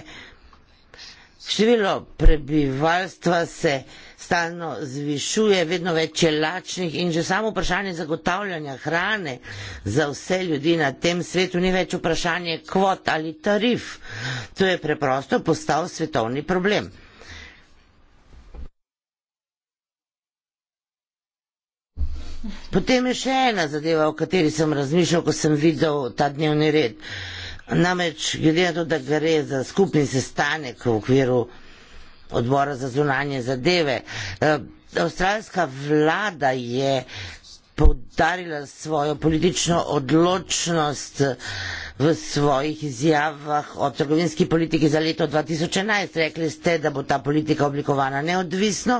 Število prebivalstva se stalno zvišuje, vedno več je lačnih in že samo vprašanje zagotavljanja hrane za vse ljudi na tem svetu ni več vprašanje kvot ali tarif. To je preprosto postal svetovni problem. Potem je še ena zadeva, o kateri sem razmišljal, ko sem videl ta dnevni red. Namreč, glede na to, da gre za skupni sestanek v okviru odbora za zunanje zadeve, eh, avstralska vlada je povdarila svojo politično odločnost v svojih izjavah o trgovinski politiki za leto 2011. Rekli ste, da bo ta politika oblikovana neodvisno.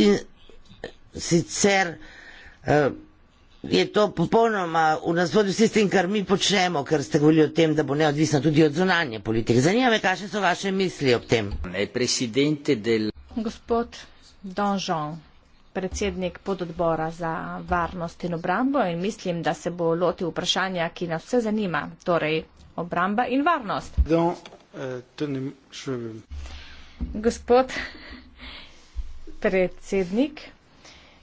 In sicer uh, je to popolnoma v nasprotju s tistim, kar mi počnemo, ker ste govorili o tem, da bo neodvisna tudi od zunanje politike. Zanima me, kakšne so vaše misli ob tem. Del... Gospod Donžon, predsednik pododbora za varnost in obrambo in mislim, da se bo lotil vprašanja, ki nas vse zanima, torej obramba in varnost. Don, uh, eh, Gospod predsednik,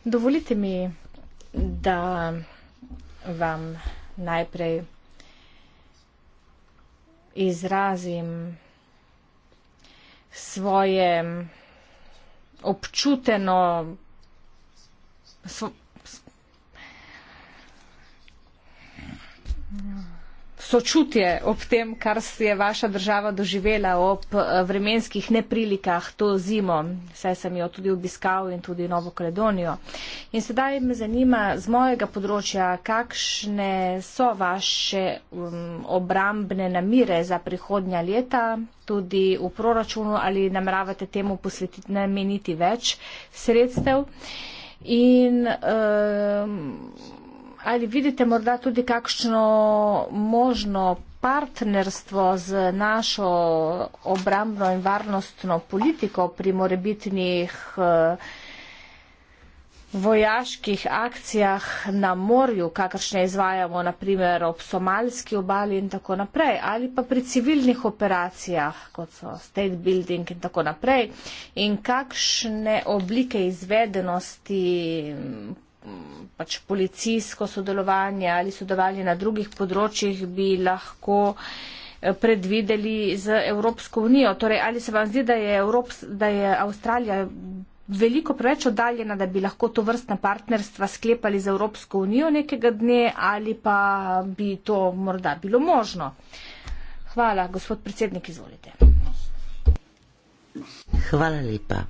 Dovolite mi, da vam najprej izrazim svoje občuteno. Svo, sočutje ob tem, kar je vaša država doživela ob eh, vremenskih neprilikah to zimo, saj sem jo tudi obiskal in tudi Novo Kaledonijo. In sedaj me zanima z mojega področja, kakšne so vaše um, obrambne namire za prihodnja leta, tudi v proračunu ali nameravate temu posvetiti, nameniti več sredstev. In, um, Ali vidite morda tudi kakšno možno partnerstvo z našo obrambno in varnostno politiko pri morebitnih eh, vojaških akcijah na morju, kakršne izvajamo naprimer ob somalski obali in tako naprej, ali pa pri civilnih operacijah, kot so state building in tako naprej, in kakšne oblike izvedenosti pač policijsko sodelovanje ali sodelovanje na drugih področjih bi lahko eh, predvideli z Evropsko unijo. Torej, ali se vam zdi, da je, Evrops, da je Avstralija veliko preveč oddaljena, da bi lahko to vrstna partnerstva sklepali z Evropsko unijo nekega dne ali pa bi to morda bilo možno? Hvala, gospod predsednik, izvolite. Hvala lepa.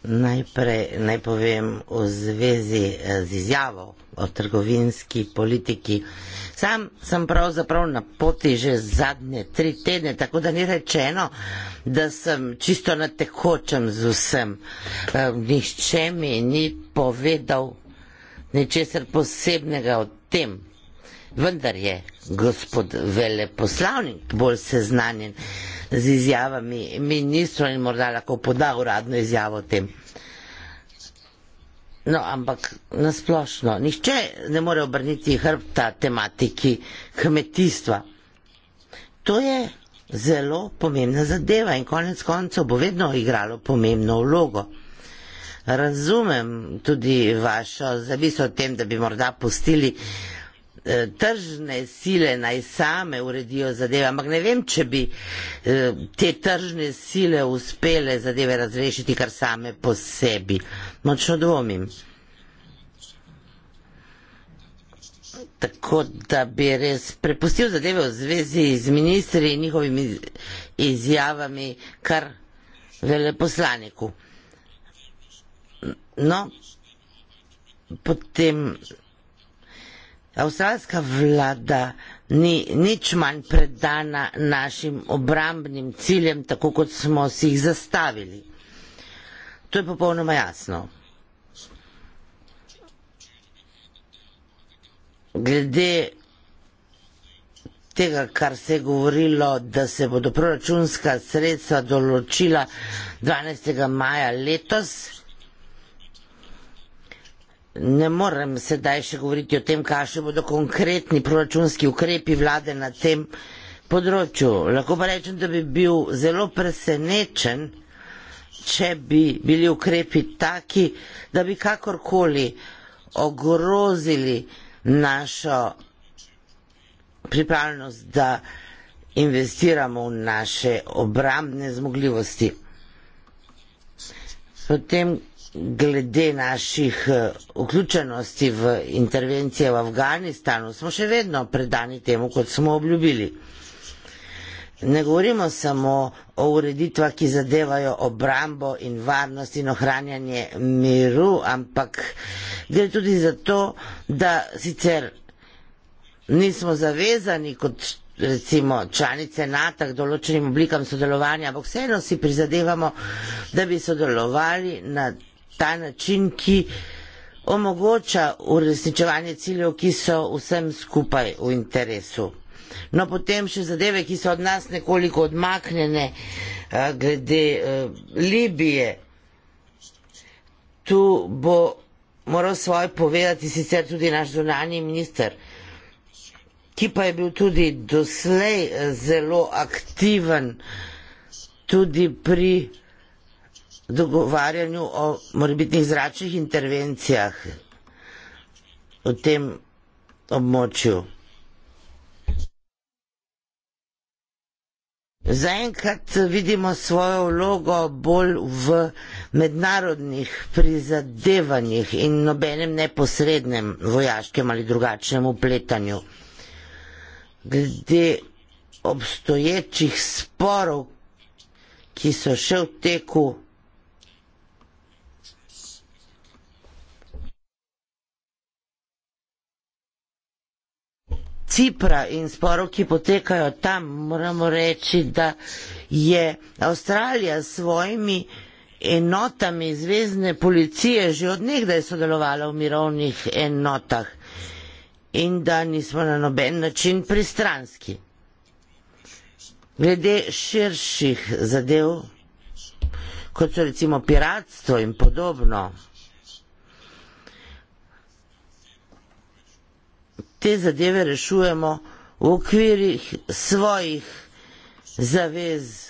Najprej naj povem v zvezi eh, z izjavo o trgovinski politiki. Sam sem pravzaprav na poti že zadnje tri tedne, tako da ni rečeno, da sem čisto na tekočem z vsem. Eh, nihče mi ni povedal ničesar posebnega o tem vendar je gospod veleposlavnik bolj seznanjen z izjavami ministrov in morda lahko poda uradno izjavo o tem. No, ampak nasplošno, nihče ne more obrniti hrbta tematiki kmetijstva. To je zelo pomembna zadeva in konec koncev bo vedno igralo pomembno vlogo. Razumem tudi vašo zaviso o tem, da bi morda postili Eh, tržne sile naj same uredijo zadeve, ampak ne vem, če bi eh, te tržne sile uspele zadeve razrešiti kar same po sebi. Močno dvomim. Tako da bi res prepustil zadeve v zvezi z ministri in njihovimi izjavami kar veleposlaniku. No, potem Avstralska vlada ni nič manj predana našim obrambnim ciljem, tako kot smo si jih zastavili. To je popolnoma jasno. Glede tega, kar se je govorilo, da se bodo proračunska sredstva določila 12. maja letos, Ne morem sedaj še govoriti o tem, kakšni bodo konkretni proračunski ukrepi vlade na tem področju. Lahko pa rečem, da bi bil zelo presenečen, če bi bili ukrepi taki, da bi kakorkoli ogrozili našo pripravljenost, da investiramo v naše obrambne zmogljivosti. Potem glede naših eh, vključenosti v intervencije v Afganistanu, smo še vedno predani temu, kot smo obljubili. Ne govorimo samo o ureditvah, ki zadevajo obrambo in varnost in ohranjanje miru, ampak gre tudi za to, da sicer nismo zavezani kot recimo članice NATO k določenim oblikam sodelovanja, ampak vseeno si prizadevamo, da bi sodelovali na ta način, ki omogoča uresničevanje ciljev, ki so vsem skupaj v interesu. No, potem še zadeve, ki so od nas nekoliko odmaknjene, eh, glede eh, Libije. Tu bo moral svoj povedati sicer tudi naš zunani minister, ki pa je bil tudi doslej eh, zelo aktiven tudi pri dogovarjanju o morebitnih zračnih intervencijah v tem območju. Zaenkrat vidimo svojo vlogo bolj v mednarodnih prizadevanjih in nobenem neposrednem vojaškem ali drugačnem upletanju. Glede obstoječih sporov, ki so še v teku, Cipra in sporov, ki potekajo tam, moramo reči, da je Avstralija s svojimi enotami zvezdne policije že odnegdaj sodelovala v mirovnih enotah in da nismo na noben način pristranski. Glede širših zadev, kot so recimo piratstvo in podobno, te zadeve rešujemo v okvirih svojih zavez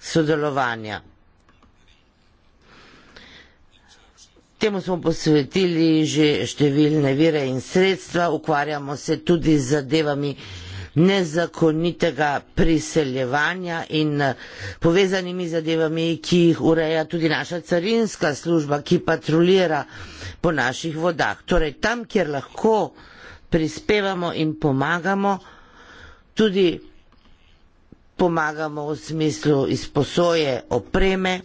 sodelovanja. Temu smo posvetili že številne vire in sredstva, ukvarjamo se tudi z zadevami nezakonitega priseljevanja in eh, povezanimi zadevami, ki jih ureja tudi naša carinska služba, ki patrulira po naših vodah. Torej, tam, kjer lahko prispevamo in pomagamo, tudi pomagamo v smislu izposoje opreme,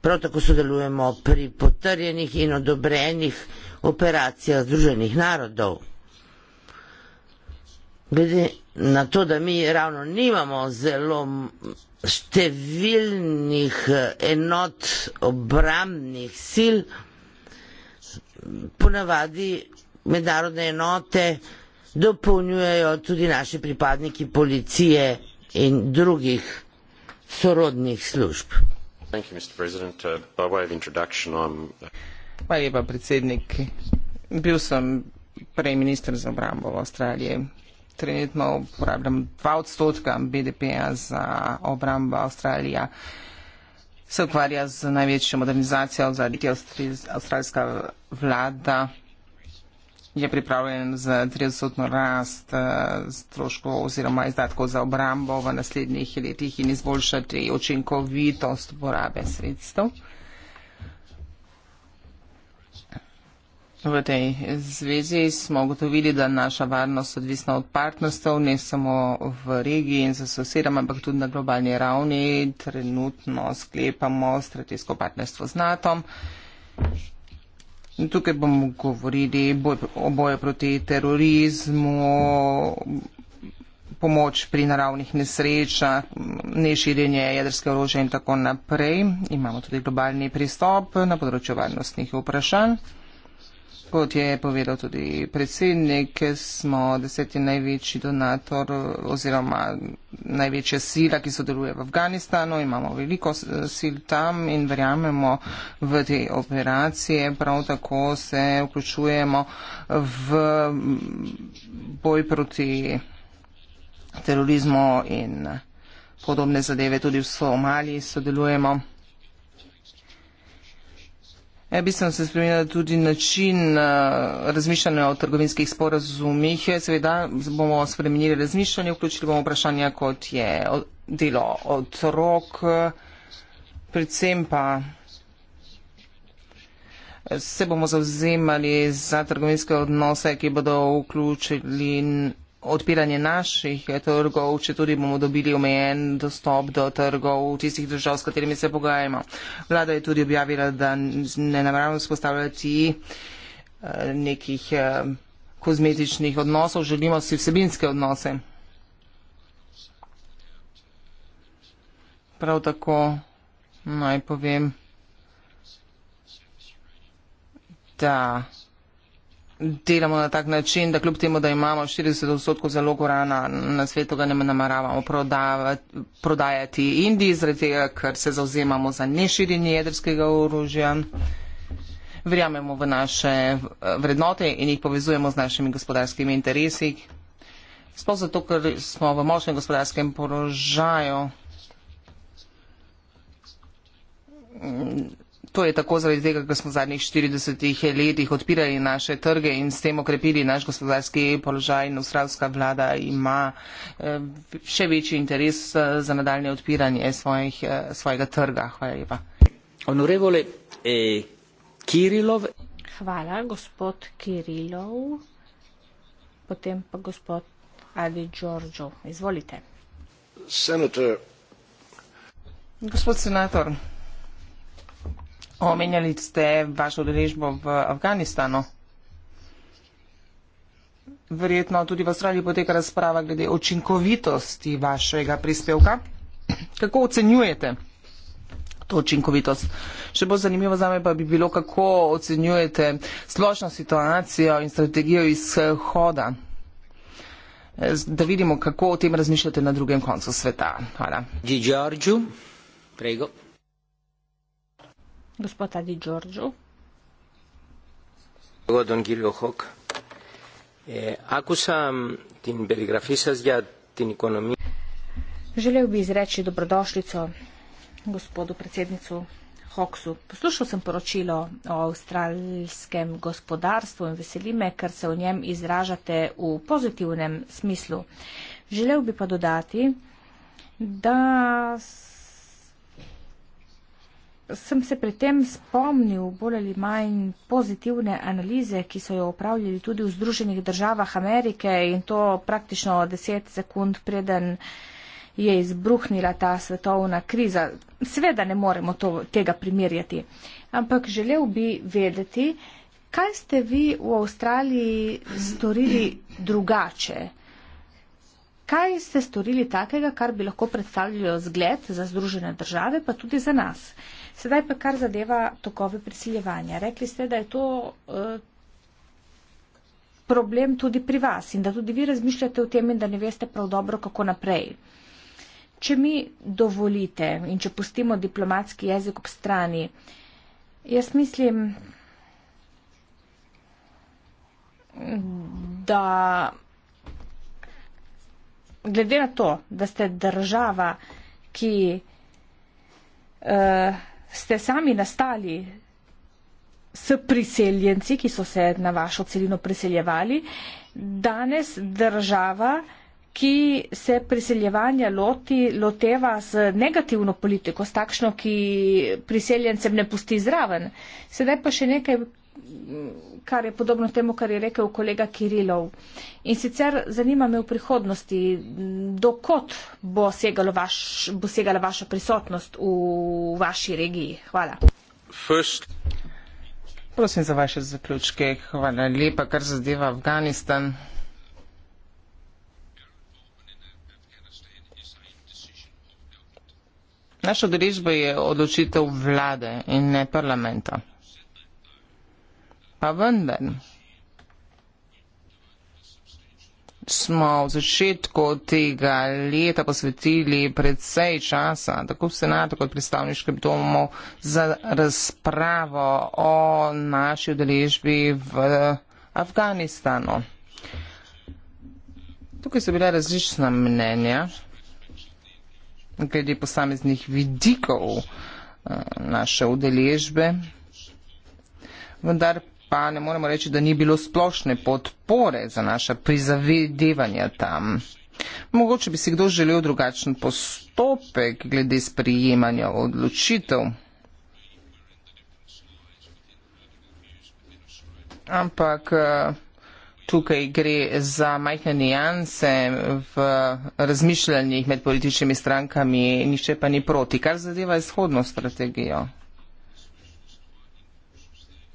prav tako sodelujemo pri potrjenih in odobrenih operacijah Združenih narodov. Glede na to, da mi ravno nimamo zelo številnih eh, enot obramnih sil, ponavadi mednarodne enote dopolnjujejo tudi naši pripadniki policije in drugih sorodnih služb. Uh, uh, Hvala lepa, predsednik. Bil sem prej minister za obrambo v Avstraliji. Trenutno uporabljam 2 odstotka BDP-ja za obrambo Avstralija se ukvarja z največjo modernizacijo za ljudi. Avstralijska vlada je pripravljen za 30-odstotno rast eh, stroškov oziroma izdatkov za obrambo v naslednjih letih in izboljšati učinkovitost porabe sredstev. V tej zvezi smo ugotovili, da naša varnost odvisna od partnerstv, ne samo v regiji in za sosedam, ampak tudi na globalni ravni. Trenutno sklepamo strategijsko partnerstvo z NATO. Tukaj bomo govorili o boju proti terorizmu, pomoč pri naravnih nesrečah, neširjenje jedrske orožje in tako naprej. Imamo tudi globalni pristop na področju varnostnih vprašanj. Kot je povedal tudi predsednik, smo deseti največji donator oziroma največja sila, ki sodeluje v Afganistanu. Imamo veliko sil tam in verjamemo v te operacije. Prav tako se vključujemo v boj proti terorizmu in podobne zadeve. Tudi v Somaliji sodelujemo. Ja, bistveno se spremenja tudi način eh, razmišljanja o trgovinskih sporazumih. Seveda bomo spremenili razmišljanje, vključili bomo vprašanja, kot je delo otrok, predvsem pa se bomo zauzemali za trgovinske odnose, ki bodo vključili odpiranje naših eh, trgov, če tudi bomo dobili omejen dostop do trgov tistih držav, s katerimi se pogajamo. Vlada je tudi objavila, da ne nameravamo spostavljati eh, nekih eh, kozmetičnih odnosov, želimo si vsebinske odnose. Prav tako naj povem, da delamo na tak način, da kljub temu, da imamo 40 odstotkov zalog urana na svetu, ga ne nameravamo prodavati, prodajati Indiji, zaradi tega, ker se zauzemamo za neširjenje jedrskega orožja. Verjamemo v naše eh, vrednote in jih povezujemo z našimi gospodarskimi interesi. Sploh zato, ker smo v močnem gospodarskem položaju. To je tako zaradi tega, ker smo v zadnjih 40 letih odpirali naše trge in s tem okrepili naš gospodarski položaj in australska vlada ima eh, še večji interes eh, za nadaljne odpiranje eh, svojih, svojega trga. Hvala lepa. Honorevole eh, Kirilov. Hvala, gospod Kirilov. Potem pa gospod Adi Đorđo. Izvolite. Senator. Gospod senator. Omenjali ste vašo udeležbo v Afganistanu. Verjetno tudi v Avstraliji poteka razprava glede učinkovitosti vašega prispevka. Kako ocenjujete to učinkovitost? Še bolj zanimivo za me pa bi bilo, kako ocenjujete splošno situacijo in strategijo izhoda, da vidimo, kako o tem razmišljate na drugem koncu sveta. Hvala. Di Giorgio, prego. Gospota Di Giorgio. Εγώ τον κύριο Χοκ. Ε, άκουσα την περιγραφή σας για την οικονομία. Želeo bi izreči dobrodošlico gospodu predsednicu Hoksu. Poslušal sem poročilo o avstralskem gospodarstvu in veseli me, ker se o njem izražate v pozitivnem smislu. Želel bi pa dodati, da sem se pri tem spomnil bolj ali manj pozitivne analize, ki so jo upravljali tudi v Združenih državah Amerike in to praktično 10 sekund preden je izbruhnila ta svetovna kriza. Sveda ne moremo to, tega primerjati, ampak želel bi vedeti, kaj ste vi v Avstraliji storili drugače. Kaj ste storili takega, kar bi lahko predstavljalo zgled za Združene države, pa tudi za nas? Uh, Sedaj pa kar zadeva tokove prisiljevanja. Rekli ste, da je to eh, problem tudi pri vas in da tudi vi razmišljate o tem in da ne veste prav dobro, kako naprej. Če mi dovolite in če pustimo diplomatski jezik ob strani, jaz mislim, da glede na to, da ste država, ki uh, ste sami nastali s priseljenci, ki so se na vašo celino priseljevali. Danes država, ki se priseljevanja loti, loteva z negativno politiko, s takšno, ki priseljencem ne pusti zraven. Sedaj pa še nekaj kar je podobno temu, kar je rekel kolega Kirilov. In sicer zanima me v prihodnosti, dokot bo, vaš, bo segala vaša prisotnost v vaši regiji. Hvala. First. Prosim za vaše zaključke. Hvala lepa, kar zadeva Afganistan. Naša odrežba je odločitev vlade in ne parlamenta pa vendar smo v začetku tega leta posvetili predvsej časa, tako v senatu kot predstavniškem domu, za razpravo o naši udeležbi v Afganistanu. Tukaj so bila različna mnenja glede posameznih vidikov eh, naše udeležbe, vendar pa ne moremo reči, da ni bilo splošne podpore za naša prizadevanja tam. Mogoče bi si kdo želel drugačen postopek glede sprijemanja odločitev. Ampak eh, tukaj gre za majhne nijanse v razmišljanjih med političnimi strankami, nišče pa ni proti, kar zadeva izhodno strategijo.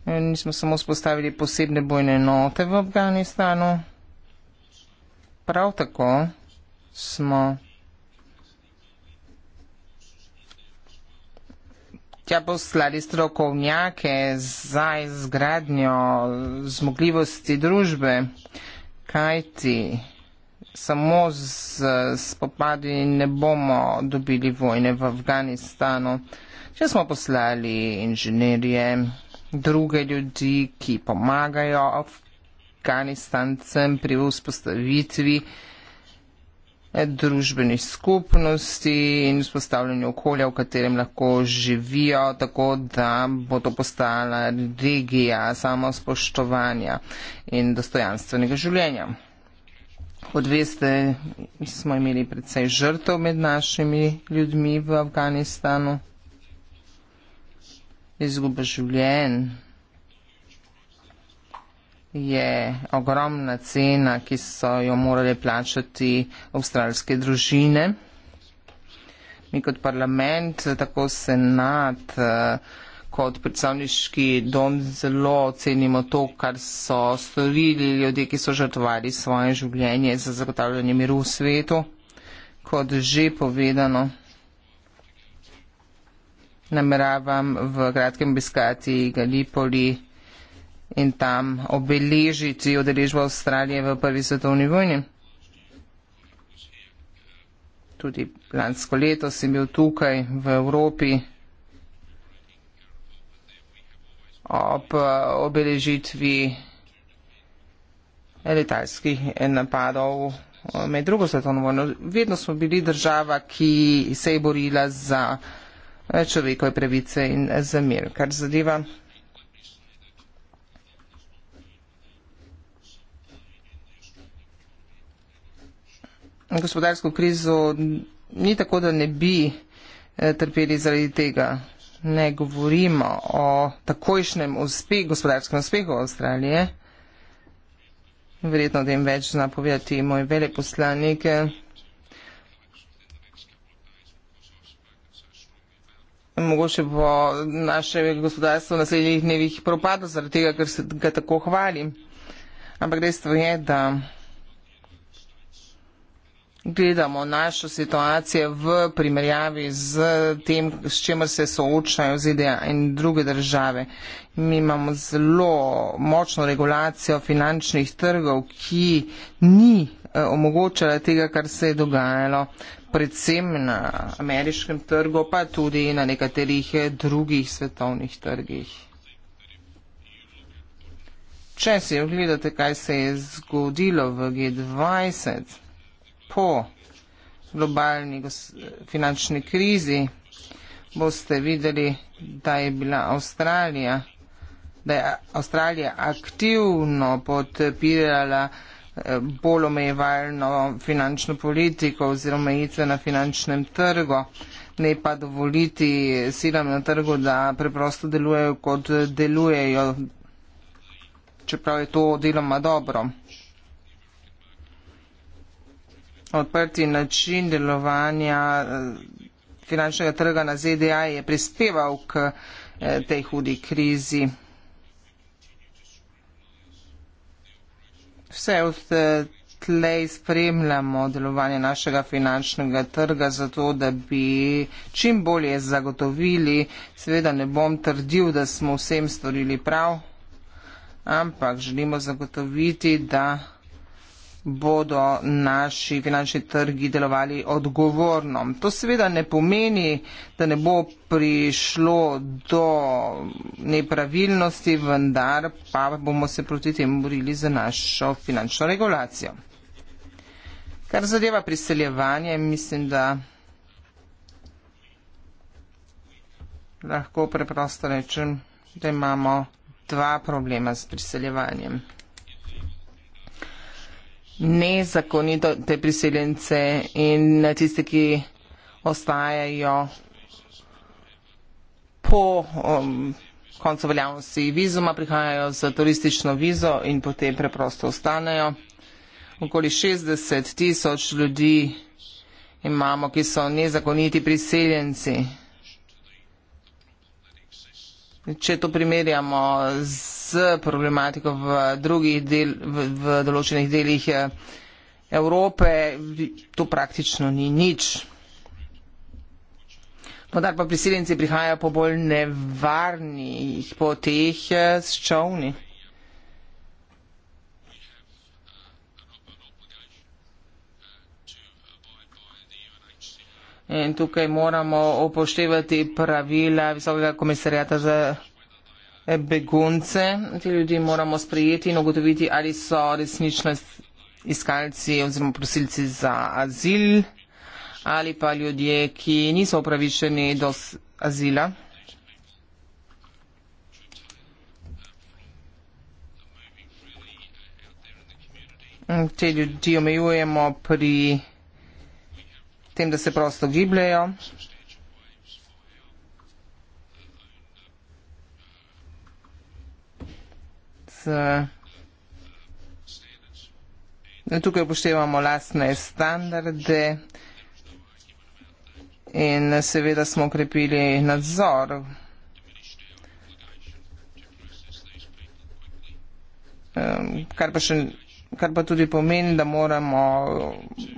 Nismo samo spostavili posebne bojne note v Afganistanu. Prav tako smo tja poslali strokovnjake za izgradnjo zmogljivosti družbe, kajti samo z spopadi ne bomo dobili vojne v Afganistanu. Če smo poslali inženirje, druge ljudi, ki pomagajo Afganistancem pri vzpostavitvi eh, družbenih skupnosti in vzpostavljanju okolja, v katerem lahko živijo, tako da bo to postala regija samospoštovanja in dostojanstvenega življenja. Kot veste, smo imeli predvsej žrtev med našimi ljudmi v Afganistanu izguba življenj je ogromna cena, ki so jo morali plačati avstralske družine. Mi kot parlament, tako senat, eh, kot predstavniški dom zelo ocenimo to, kar so storili ljudje, ki so žrtvali svoje življenje za zagotavljanje miru v svetu. Kot že povedano, nameravam v kratkem obiskati Galipoli in tam obeležiti odeležbo Avstralije v prvi svetovni vojni. Tudi lansko leto sem bil tukaj v Evropi ob eh, obeležitvi letalskih eh, napadov eh, med drugo svetovno vojno. Vedno smo bili država, ki se je borila za Eh, človekove pravice in za mir. Kar zadeva gospodarsko krizo, ni tako, da ne bi eh, trpeli zaradi tega. Ne govorimo o takojšnjem uspe, gospodarskem uspehu Avstralije. Verjetno o tem več zna povedati moj veleposlanik. poslanik. Eh, Mogoče bo naše gospodarstvo v naslednjih dnevih propadlo zaradi tega, ker se ga tako hvali. Ampak dejstvo je, da gledamo našo situacijo v primerjavi z tem, s čemer se soočajo ZDA in druge države. Mi imamo zelo močno regulacijo finančnih trgov, ki ni eh, omogočala tega, kar se je dogajalo predvsem na ameriškem trgu, pa tudi na nekaterih drugih svetovnih trgih. Če si ogledate, kaj se je zgodilo v G20 po globalni finančni krizi, boste videli, da je bila Avstralija, da je Avstralija aktivno podpirala bolj omejevalno finančno politiko oziroma omejitve na finančnem trgu, ne pa dovoliti silam na trgu, da preprosto delujejo, kot delujejo, čeprav je to deloma dobro. Odprti način delovanja eh, finančnega trga na ZDA je prispeval k eh, tej hudi krizi. vse od eh, tlej spremljamo delovanje našega finančnega trga, zato da bi čim bolje zagotovili, seveda ne bom trdil, da smo vsem storili prav, ampak želimo zagotoviti, da bodo naši finančni trgi delovali odgovorno. To seveda ne pomeni, da ne bo prišlo do nepravilnosti, vendar pa bomo se proti temu borili za našo finančno regulacijo. Kar zadeva priseljevanje, mislim, da lahko preprosto rečem, da imamo dva problema s priseljevanjem nezakonito te priseljence in tiste, ki ostajajo po um, koncu veljavnosti vizuma, prihajajo za turistično vizo in potem preprosto ostanejo. Okoli 60 tisoč ljudi imamo, ki so nezakoniti priseljenci. Če to primerjamo z problematiko v drugih del, v, v določenih delih eh, Evrope, to praktično ni nič. Podar pa priseljenci prihajajo po bolj nevarnih poteh eh, s čovni. In tukaj moramo upoštevati pravila Visokega komisarjata za begunce. Te ljudi moramo sprejeti in ugotoviti, ali so resnično iskalci oziroma prosilci za azil ali pa ljudje, ki niso upravičeni do azila. Te ljudi omejujemo pri tem, da se prosto gibljajo. Eh, tukaj upoštevamo lastne standarde in seveda smo ukrepili nadzor. Kar pa, še, kar pa tudi pomeni, da moramo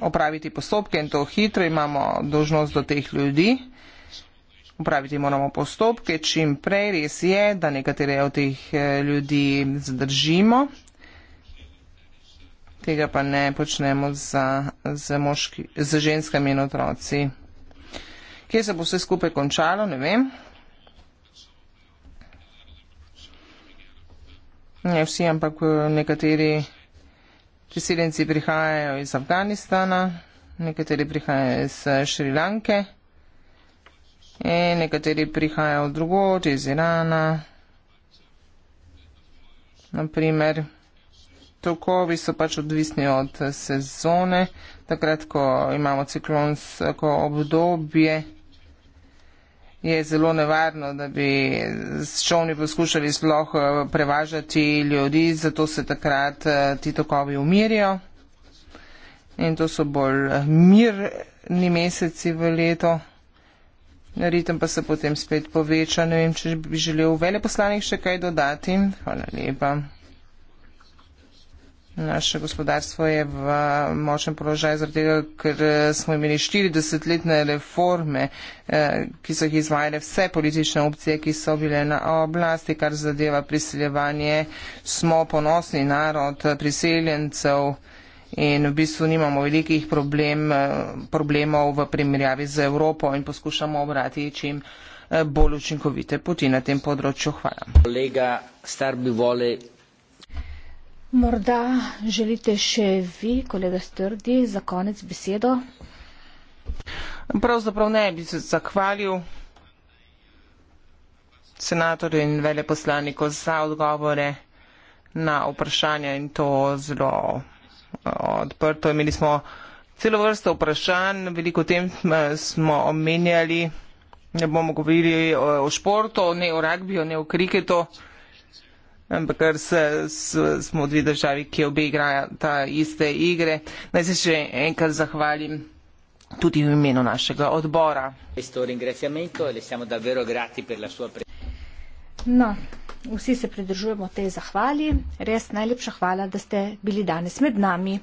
opraviti postopke in to hitro imamo dožnost do teh ljudi upraviti moramo postopke čim prej. Res je, da nekatere od teh eh, ljudi zadržimo. Tega pa ne počnemo za, za, moški, za ženskami in otroci. Kje se bo vse skupaj končalo, ne vem. Ne vsi, ampak eh, nekateri priseljenci prihajajo iz Afganistana, nekateri prihajajo iz eh, Šrilanke. In nekateri prihajajo drugoč iz Irana. Naprimer, tokovi so pač odvisni od sezone, takrat, ko imamo ciklonsko obdobje, je zelo nevarno, da bi s čovni poskušali sploh eh, prevažati ljudi, zato se takrat eh, ti tokovi umirijo. In to so bolj mirni meseci v leto ritem pa se potem spet poveča. Ne vem, če bi želel veleposlanik še kaj dodati. Hvala lepa. Naše gospodarstvo je v močnem položaju zaradi tega, ker eh, smo imeli 40-letne reforme, eh, ki so jih izvajale vse politične opcije, ki so bile na oblasti, kar zadeva priseljevanje. Smo ponosni narod priseljencev in v bistvu nimamo velikih problem, eh, problemov v primerjavi z Evropo in poskušamo obrati čim eh, bolj učinkovite poti na tem področju. Hvala. Morda želite še vi, kolega Strdi, za konec besedo? Pravzaprav ne bi se zahvalil senatorju in veleposlaniku za odgovore na vprašanje in to zelo odprto. Imeli smo celo vrsto vprašanj, veliko tem eh, smo omenjali, ne bomo govorili o, o športu, ne o ragbiju, ne o kriketu, ampak ker smo dve državi, ki obe igrajo ta iste igre. Naj se še enkrat zahvalim tudi v imenu našega odbora. E no vsi se pridržujemo tej zahvali. Res najlepša hvala, da ste bili danes med nami.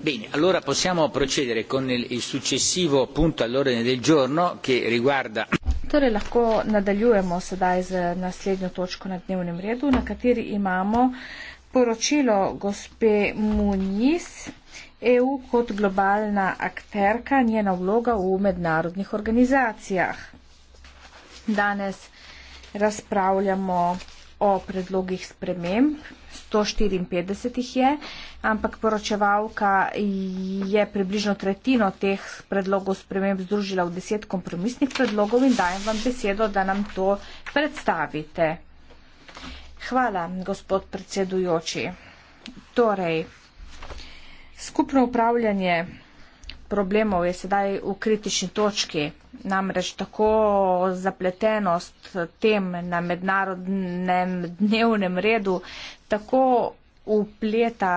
Bene, allora possiamo procedere con il successivo punto all'ordine del giorno che riguarda Torej, lahko nadaljujemo sedaj z naslednjo točko na dnevnem redu, na kateri imamo poročilo gospe Muniz, EU kot globalna akterka, njena vloga v mednarodnih organizacijah. Danes razpravljamo o predlogih sprememb 154 jih je, ampak poročevalka je približno tretjino teh predlogov sprememb združila v deset kompromisnih predlogov in dajem vam besedo, da nam to predstavite. Hvala, gospod predsedujoči. Torej, skupno upravljanje problemov je sedaj v kritični točki. Namreč tako zapletenost tem na mednarodnem dnevnem redu tako upleta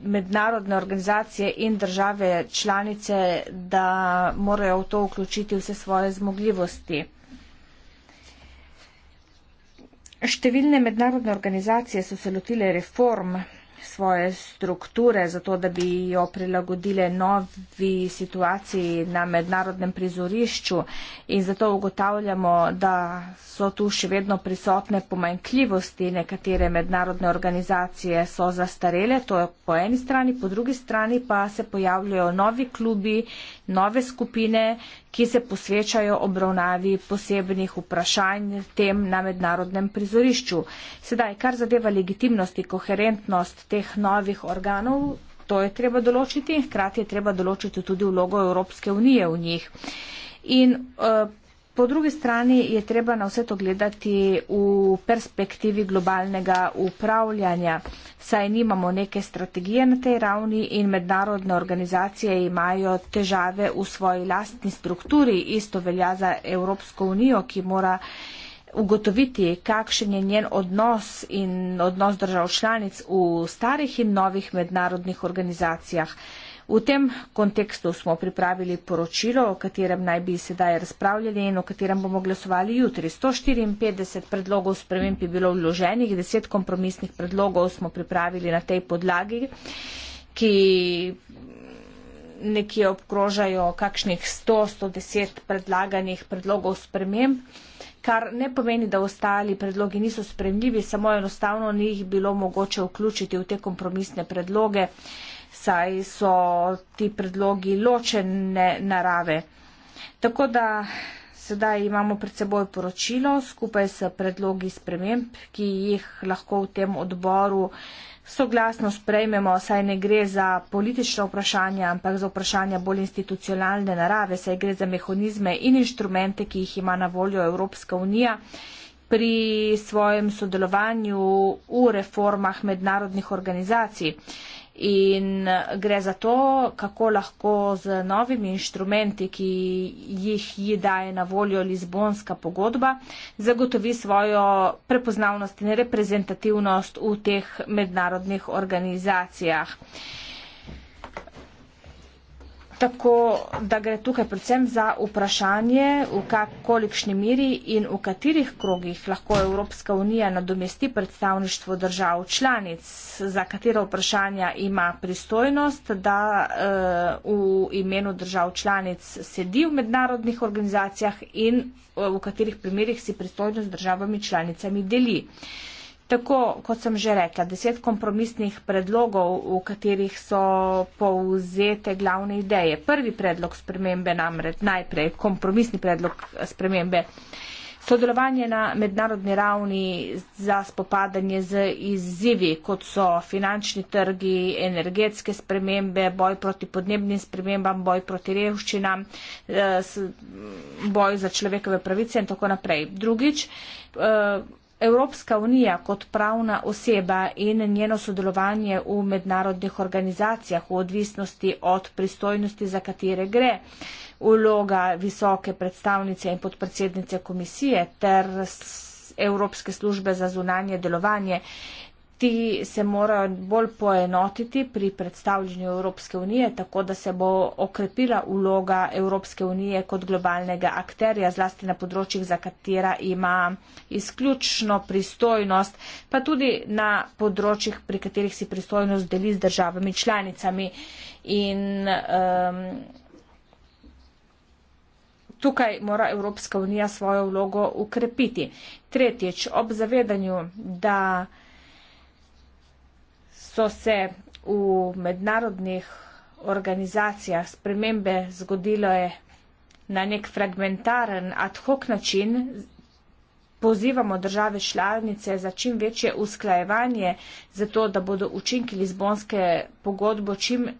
mednarodne organizacije in države članice, da morajo v to vključiti vse svoje zmogljivosti. Številne mednarodne organizacije so se lotile reform svoje strukture, zato da bi jo prilagodile novi situaciji na mednarodnem prizorišču in zato ugotavljamo, da so tu še vedno prisotne pomankljivosti, nekatere mednarodne organizacije so zastarele, to je po eni strani, po drugi strani pa se pojavljajo novi klubi, nove skupine, ki se posvečajo obravnavi posebnih vprašanj tem na mednarodnem prizorišču. Sedaj, kar zadeva legitimnost in koherentnost teh novih organov, to je treba določiti, hkrati je treba določiti tudi vlogo Evropske unije v njih. In, uh, Po drugi strani je treba na vse to gledati v perspektivi globalnega upravljanja saj nimamo neke strategije na tej ravni in mednarodne organizacije imajo težave v svoji lastni strukturi. Isto velja za Evropsko unijo, ki mora ugotoviti, kakšen je njen odnos in odnos držav članic v starih in novih mednarodnih organizacijah. V tem kontekstu smo pripravili poročilo, o katerem naj bi sedaj razpravljali in o katerem bomo glasovali jutri. 154 predlogov sprememb je bilo vloženih, 10 kompromisnih predlogov smo pripravili na tej podlagi, ki nekje obkrožajo kakšnih 100-110 predlaganih predlogov sprememb kar ne pomeni, da ostali predlogi niso spremljivi, samo enostavno ni jih bilo mogoče vključiti v te kompromisne predloge, eh, saj so ti predlogi ločene narave. Tako da sedaj imamo pred seboj poročilo skupaj s predlogi sprememb, ki jih lahko v tem odboru soglasno sprejmemo, saj ne gre za politično vprašanje, ampak za vprašanje bolj institucionalne narave, saj gre za mehanizme in inštrumente, ki jih ima na voljo Evropska unija pri svojem sodelovanju v reformah mednarodnih organizacij. In gre za to, kako lahko z novimi inštrumenti, ki jih ji daje na voljo Lizbonska pogodba, zagotovi svojo prepoznavnost in reprezentativnost v teh mednarodnih organizacijah. Tako da gre tukaj predvsem za vprašanje, v kakolikšni miri in v katerih krogih lahko Evropska unija nadomesti predstavništvo držav članic, za katero vprašanja ima pristojnost, da uh, v imenu držav članic sedi v mednarodnih organizacijah in uh, v katerih primerjih si pristojnost z državami članicami deli. Uh, Tako, kot sem že rekla, deset kompromisnih predlogov, v katerih so povzete glavne ideje. Prvi predlog spremembe namreč, najprej kompromisni predlog spremembe, sodelovanje na mednarodni ravni za spopadanje z izzivi, kot so finančni trgi, energetske spremembe, boj proti podnebnim spremembam, boj proti revščinam, eh, boj za človekove pravice in tako naprej. Drugič, eh, Evropska unija kot pravna oseba in njeno sodelovanje v mednarodnih organizacijah v odvisnosti od pristojnosti, za katere gre, uloga visoke predstavnice in podpredsednice komisije ter Evropske službe za zunanje delovanje Ti se morajo bolj poenotiti pri predstavljanju Evropske unije, tako da se bo okrepila vloga Evropske unije kot globalnega akterja, zlasti na področjih, za katera ima izključno pristojnost, pa tudi na področjih, pri katerih si pristojnost deli z državami članicami. In, um, Tukaj mora Evropska unija svojo vlogo ukrepiti. Tretjič, ob zavedanju, da so se v mednarodnih organizacijah spremembe zgodile na nek fragmentaren ad hoc način, pozivamo države članice za čim večje usklajevanje, zato da bodo učinki Lizbonske pogodbe čim uh,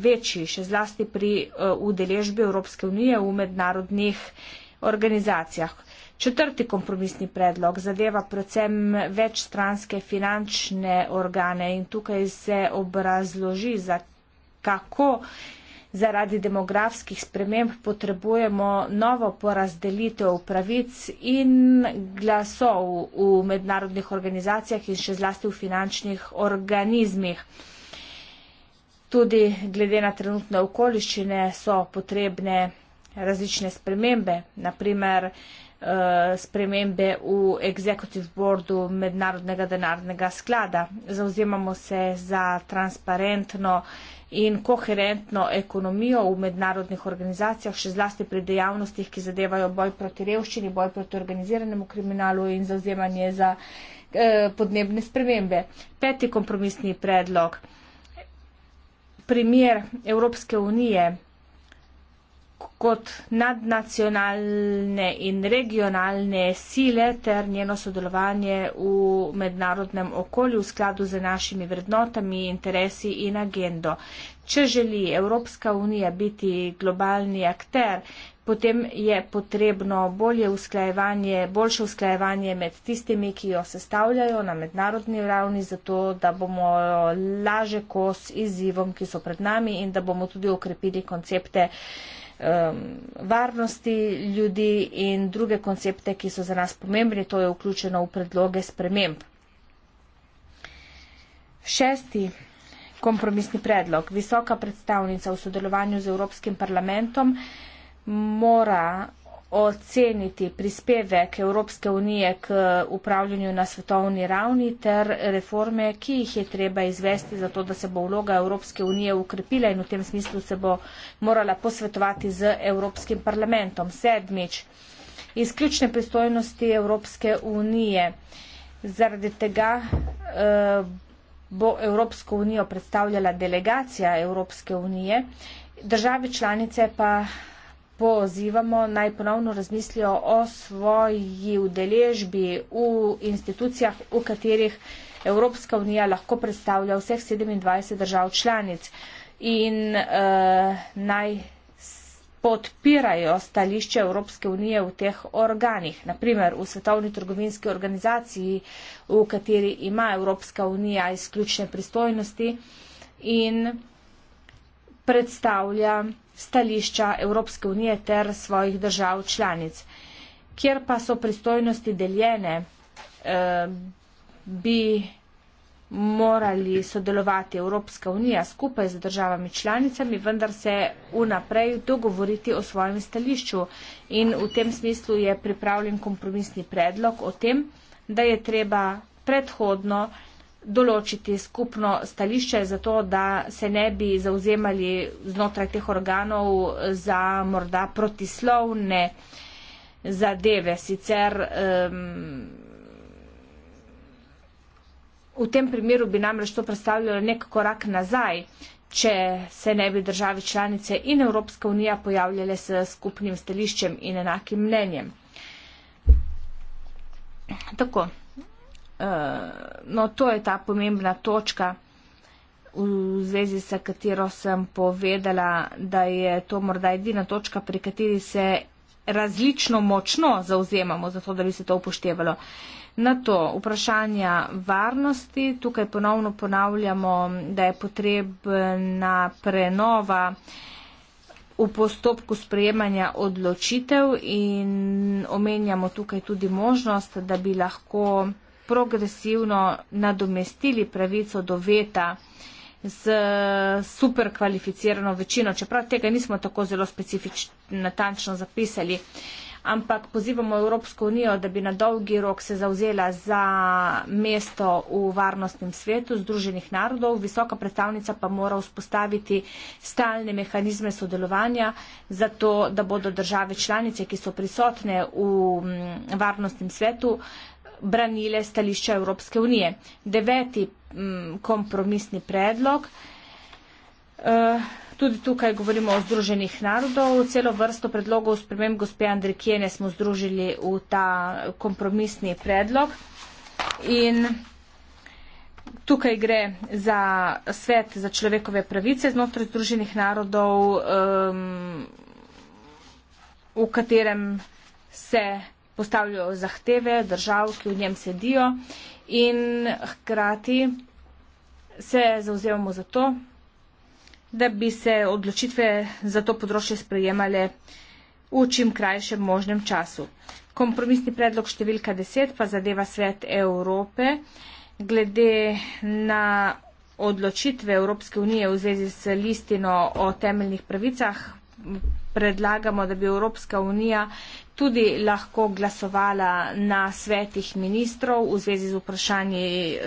večji, še zlasti pri eh, udeležbi uh, Evropske unije v mednarodnih organizacijah. Četrti kompromisni predlog zadeva predvsem večstranske finančne organe in tukaj se obrazloži, za kako zaradi demografskih sprememb potrebujemo novo porazdelitev pravic in glasov v mednarodnih organizacijah in še zlasti v finančnih organizmih. Tudi glede na trenutne okoliščine so potrebne različne spremembe, naprimer Eh, spremembe v executive boardu mednarodnega denarnega sklada. Zauzemamo se za transparentno in koherentno ekonomijo v mednarodnih organizacijah, še zlasti pri dejavnostih, ki zadevajo boj proti revščini, boj proti organiziranemu kriminalu in zauzemanje za eh, podnebne spremembe. Peti kompromisni predlog. Primer Evropske unije kot nadnacionalne in regionalne sile ter njeno sodelovanje v mednarodnem okolju v skladu z našimi vrednotami, interesi in agendo. Če želi Evropska unija biti globalni akter, potem je potrebno bolje usklajevanje, boljše usklajevanje med tistimi, ki jo sestavljajo na mednarodni ravni, zato da bomo laže kos izzivom, ki so pred nami in da bomo tudi okrepili koncepte um, varnosti ljudi in druge koncepte, ki so za nas pomembni. To je vključeno v predloge sprememb. Šesti kompromisni predlog. Visoka predstavnica v sodelovanju z Evropskim parlamentom mora oceniti prispevek Evropske unije k upravljanju na svetovni ravni ter reforme, ki jih je treba izvesti, zato da se bo vloga Evropske unije ukrepila in v tem smislu se bo morala posvetovati z Evropskim parlamentom. Sedmič, izključne pristojnosti Evropske unije. Zaradi tega eh, bo Evropsko unijo predstavljala delegacija Evropske unije, države članice pa pozivamo naj ponovno razmislijo o svoji udeležbi v institucijah, v katerih Evropska unija lahko predstavlja vseh 27 držav članic in uh, naj podpirajo stališče Evropske unije v teh organih. Naprimer, v Svetovni trgovinski organizaciji, v kateri ima Evropska unija izključne pristojnosti in predstavlja stališča Evropske unije ter svojih držav članic. Kjer pa so pristojnosti deljene, eh, bi morali sodelovati Evropska unija skupaj z državami članicami, vendar se unaprej dogovoriti o svojem stališču. In v tem smislu je pripravljen kompromisni predlog o tem, da je treba predhodno določiti skupno stališče za to, da se ne bi zauzemali znotraj teh organov za morda protislovne zadeve. Sicer um, v tem primeru bi namreč to predstavljalo nek korak nazaj, če se ne bi države članice in Evropska unija pojavljale s skupnim stališčem in enakim mnenjem. Tako. Eh, no, to je ta pomembna točka, v zvezi s katero sem povedala, da je to morda edina točka, pri kateri se različno močno zauzemamo, zato da bi se to upoštevalo. Na to vprašanje varnosti, tukaj ponovno ponavljamo, da je potrebna prenova v postopku sprejemanja odločitev in omenjamo tukaj tudi možnost, da bi lahko progresivno nadomestili pravico do veta z super kvalificirano večino, čeprav tega nismo tako zelo specifično natančno zapisali. Ampak pozivamo Evropsko unijo, da bi na dolgi rok se zauzela za mesto v varnostnem svetu Združenih narodov. Visoka predstavnica pa mora vzpostaviti stalne mehanizme sodelovanja, zato da bodo države članice, ki so prisotne v varnostnem svetu, branile stališče Evropske unije. Deveti mm, kompromisni predlog. Eh, tudi tukaj govorimo o združenih narodov. Celo vrsto predlogov spremem gospe Andrikijene smo združili v ta kompromisni predlog. In tukaj gre za svet za človekove pravice znotraj združenih narodov, um, v katerem se postavljajo zahteve držav, ki v njem sedijo in hkrati se zauzevamo za to, da bi se odločitve za to področje sprejemale v čim krajšem možnem času. Kompromisni predlog številka 10 pa zadeva svet Evrope glede na odločitve Evropske unije v zvezi s listino o temeljnih pravicah. Predlagamo, da bi Evropska unija tudi lahko glasovala na svetih ministrov v zvezi z vprašanji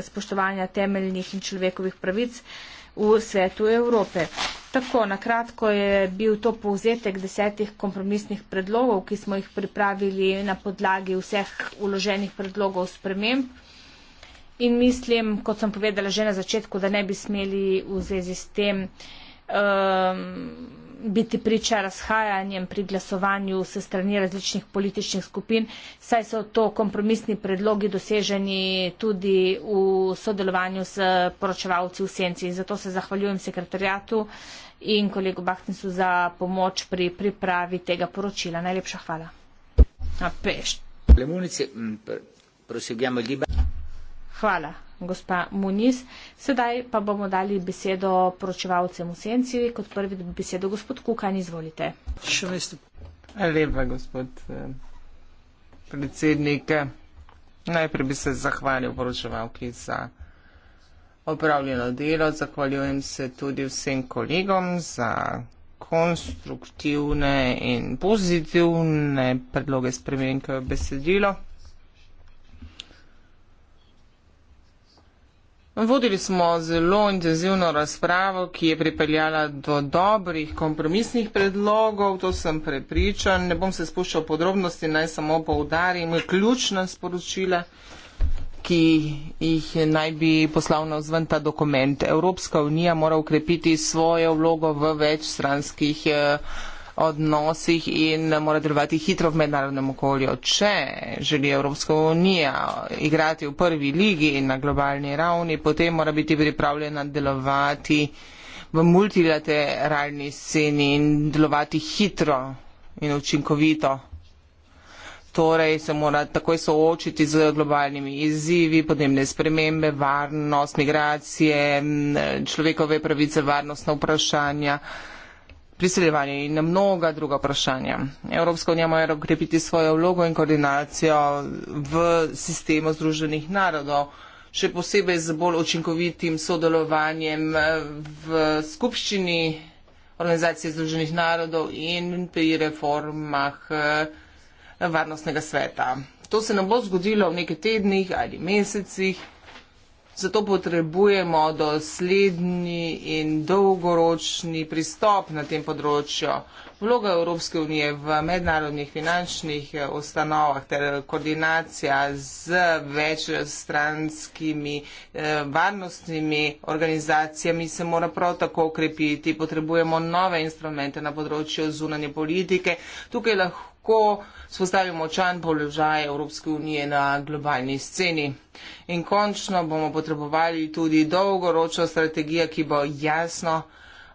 spoštovanja temeljnih in človekovih pravic v svetu Evrope. Tako, na kratko je bil to povzetek desetih kompromisnih predlogov, ki smo jih pripravili na podlagi vseh uloženih predlogov sprememb. In mislim, kot sem povedala že na začetku, da ne bi smeli v zvezi s tem um, biti priča razhajanjem pri glasovanju se strani različnih političnih skupin, saj so to kompromisni predlogi doseženi tudi v sodelovanju s poročevalci v senci. Zato se zahvaljujem sekretarjatu in kolegu Bahtinsu za pomoč pri pripravi tega poročila. Najlepša hvala. Na peš. Mm, Prosegiamo il dibattito. Hvala, gospa Muniz. Sedaj pa bomo dali besedo poročevalcem v senci. Kot prvi besedo gospod Kukan, izvolite. Še veste. Lepa, gospod eh, predsednik. Najprej bi se zahvalil poročevalki za opravljeno delo. Zahvaljujem se tudi vsem kolegom za konstruktivne in pozitivne predloge spremenke v besedilo. Vodili smo zelo intenzivno razpravo, ki je pripeljala do dobrih kompromisnih predlogov, to sem prepričan. Ne bom se spuščal podrobnosti, naj samo poudarim ključna sporočila, ki jih naj bi poslal na vzven ta dokument. Evropska unija mora ukrepiti svojo vlogo v večstranskih. Eh, odnosih in mora delovati hitro v mednarodnem okolju. Če želi Evropska unija igrati v prvi ligi in na globalni ravni, potem mora biti pripravljena delovati v multilateralni sceni in delovati hitro in učinkovito. Torej se mora takoj soočiti z globalnimi izzivi, podnebne spremembe, varnost, migracije, človekove pravice, varnostna vprašanja priseljevanju in na mnoga druga vprašanja. Evropska unija mora okrepiti svojo vlogo in koordinacijo v sistemu Združenih narodov, še posebej z bolj učinkovitim sodelovanjem v skupščini Organizacije Združenih narodov in pri reformah eh, varnostnega sveta. To se ne bo zgodilo v nekaj tednih ali mesecih. Zato potrebujemo dosledni in dolgoročni pristop na tem področju. Vloga Evropske unije v mednarodnih finančnih eh, ustanovah ter koordinacija z večstranskimi eh, varnostnimi organizacijami se mora prav tako ukrepiti. Potrebujemo nove instrumente na področju zunanje politike. Tukaj lahko lahko spostavi močan položaj Evropske unije na globalni sceni. In končno bomo potrebovali tudi dolgoročno strategijo, ki bo jasno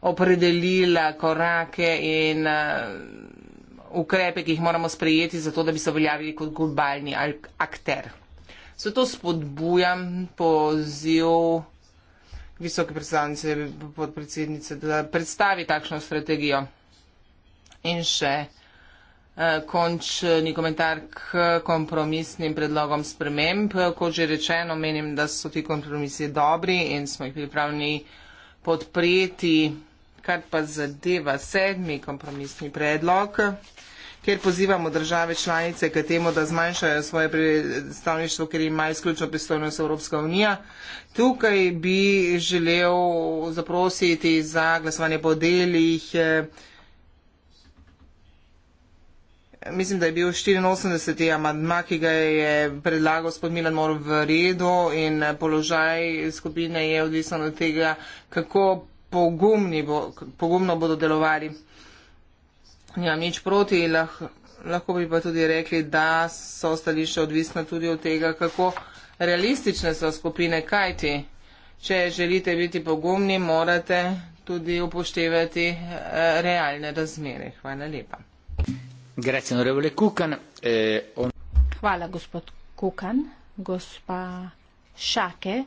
opredelila korake in eh, ukrepe, ki jih moramo sprejeti, zato da bi se uveljavili kot globalni akter. Zato spodbujam poziv visoke predstavnice, podpredsednice, da predstavi takšno strategijo. In še. Eh, končni komentar k kompromisnim predlogom sprememb. Kot že rečeno, menim, da so ti kompromisi dobri in smo jih pripravljeni podpreti, kar pa zadeva sedmi kompromisni predlog, kjer pozivamo države članice k temu, da zmanjšajo svoje predstavništvo, ker ima izključno pristojnost Evropska unija. Tukaj bi želel zaprositi za glasovanje po delih eh, mislim, da je bil 84. amadma, ki ga je predlagal spod Milan Mor v redu in položaj skupine je odvisen od tega, kako bo, pogumno bodo delovali. Nimam ja, nič proti, lah, lahko bi pa tudi rekli, da so stališče odvisne tudi od tega, kako realistične so skupine, kajti, če želite biti pogumni, morate tudi upoštevati eh, realne razmere. Hvala lepa. Eh, Hvala, gospod Kukan. Gospa Šake,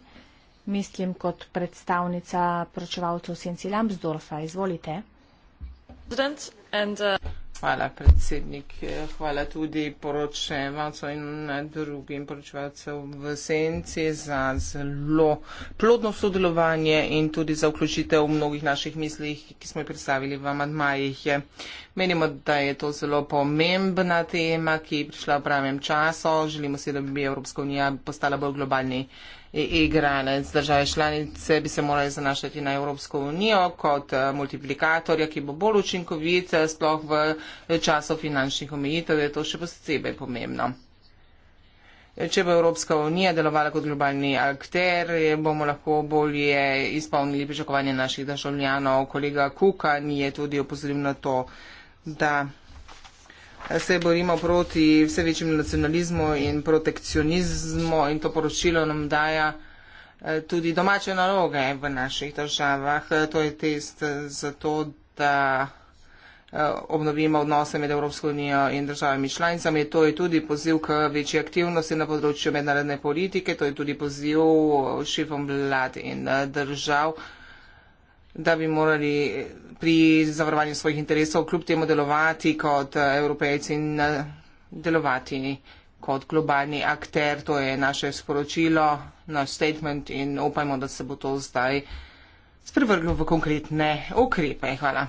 mislim kot predstavnica pročevalcev Sinci Lambsdorfa. Izvolite. Hvala, gospod Kukan. Gospa Šake, mislim kot predstavnica pročevalcev Sinci Lambsdorfa. Izvolite. Uh, hvala predsednik, hvala tudi poročevalcev in drugim poročevalcev v senci za zelo plodno sodelovanje in tudi za vključitev v mnogih naših mislih, ki smo jih predstavili v amadmajih. Menimo, da je to zelo pomembna tema, ki je prišla v pravem času. Želimo si, da bi Evropska unija postala bolj globalni igranec. Države članice bi se morali zanašati na Evropsko unijo kot eh, multiplikatorja, ki bo bolj učinkovit, eh, sploh v eh, času finančnih omejitev je to še posebej pomembno. Če bo Evropska unija delovala kot globalni akter, bomo lahko bolje izpolnili pričakovanje naših državljanov. Kolega Kukan je tudi opozoril na to, da se borimo proti vse večjemu nacionalizmu in protekcionizmu in to poročilo nam daje eh, tudi domače naloge v naših državah. Eh, to je test za to, da eh, obnovimo odnose med Evropsko unijo in državami članicami. To je tudi poziv k večji aktivnosti na področju mednarodne politike, to je tudi poziv šefom vlad in držav da bi morali pri zavarovanju svojih interesov kljub temu delovati kot eh, evropejci in eh, delovati kot globalni akter. To je naše sporočilo, naš statement in upajmo, da se bo to zdaj sprevrglo v konkretne ukrepe. Hvala.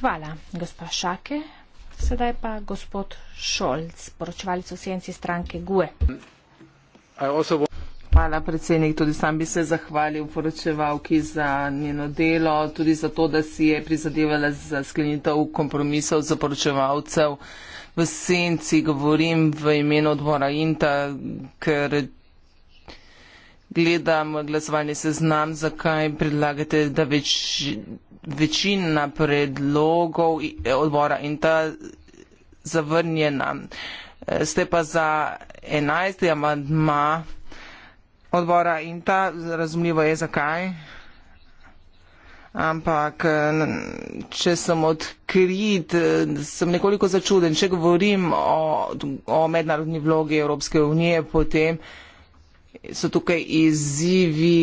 Hvala, gospa Šake. Sedaj pa gospod Šolc, poročevalec v senci stranke GUE. Hvala, predsednik. Tudi sam bi se zahvalil poročevalki za njeno delo, tudi za to, da si je prizadevala za sklenitev kompromisov za poročevalcev. V senci govorim v imenu odbora INTA, ker gledam glasovanje seznam, zakaj predlagate, da več, večina predlogov odbora INTA zavrnjena. Ste pa za 11. amadma odbora in ta, razumljivo je zakaj, ampak če sem odkrit, sem nekoliko začuden, če govorim o, o mednarodni vlogi Evropske unije, potem so tukaj izzivi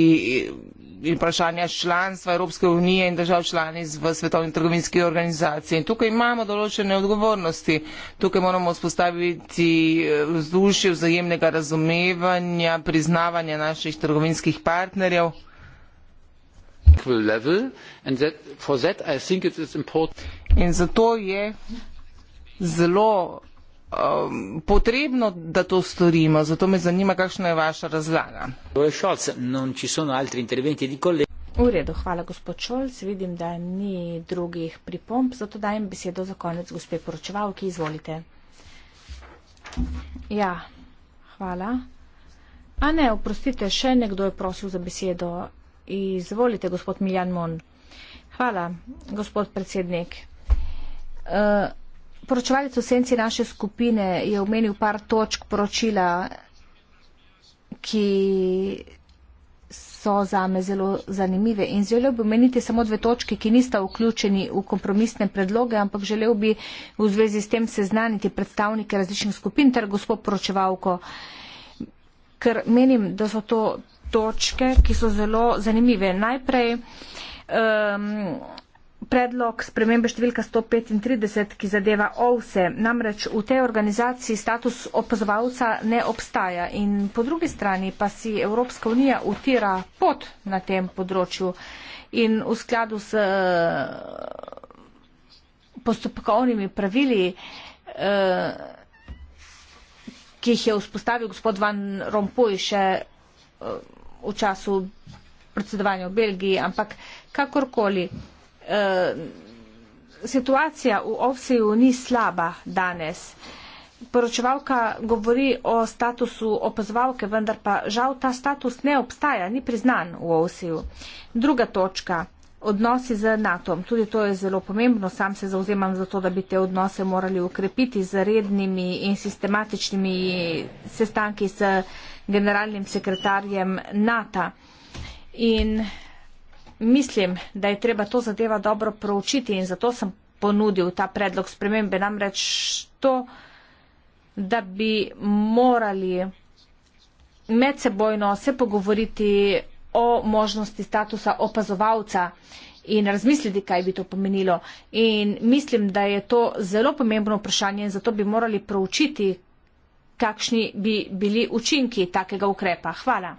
vprašanja članstva Evropske unije in držav članic v svetovni trgovinski organizaciji. In tukaj imamo določene odgovornosti. Tukaj moramo vzpostaviti eh, vzdušje vzajemnega razumevanja, priznavanja naših trgovinskih partnerjev. In zato je zelo um, potrebno, da to storimo. Zato me zanima, kakšna je vaša razlaga. V redu, hvala gospod Šolc. Vidim, da ni drugih pripomb, zato dajem besedo za konec gospe poročevalki. Izvolite. Ja, hvala. A ne, oprostite, še nekdo je prosil za besedo. Izvolite, gospod Miljan Mon. Hvala, gospod predsednik. Uh, poročevalec v senci naše skupine je omenil par točk poročila, ki so za me zelo zanimive. In želel bi omeniti samo dve točke, ki nista vključeni v kompromisne predloge, ampak želel bi v zvezi s tem seznaniti predstavnike različnih skupin ter gospod poročevalko, ker menim, da so to točke, ki so zelo zanimive. Najprej. Um, predlog spremembe številka 135, ki zadeva OVSE. Namreč v tej organizaciji status opazovalca ne obstaja in po drugi strani pa si Evropska unija utira pot na tem področju in v skladu s eh, postopkovnimi pravili, eh, ki jih je vzpostavil gospod Van Rompuy še eh, v času predsedovanja v Belgiji, ampak kakorkoli. Eh, situacija v OVSE-ju ni slaba danes. Poročevalka govori o statusu opazovalke, vendar pa žal ta status ne obstaja, ni priznan v OVSE-ju. Druga točka. Odnosi z NATO. Tudi to je zelo pomembno. Sam se zauzemam za to, da bi te odnose morali ukrepiti z rednimi in sistematičnimi sestanki s generalnim sekretarjem NATO. In mislim, da je treba to zadeva dobro proučiti in zato sem ponudil ta predlog spremembe. Namreč to, da bi morali medsebojno se pogovoriti o možnosti statusa opazovalca in razmisliti, kaj bi to pomenilo. In mislim, da je to zelo pomembno vprašanje in zato bi morali proučiti, kakšni bi bili učinki takega ukrepa. Hvala.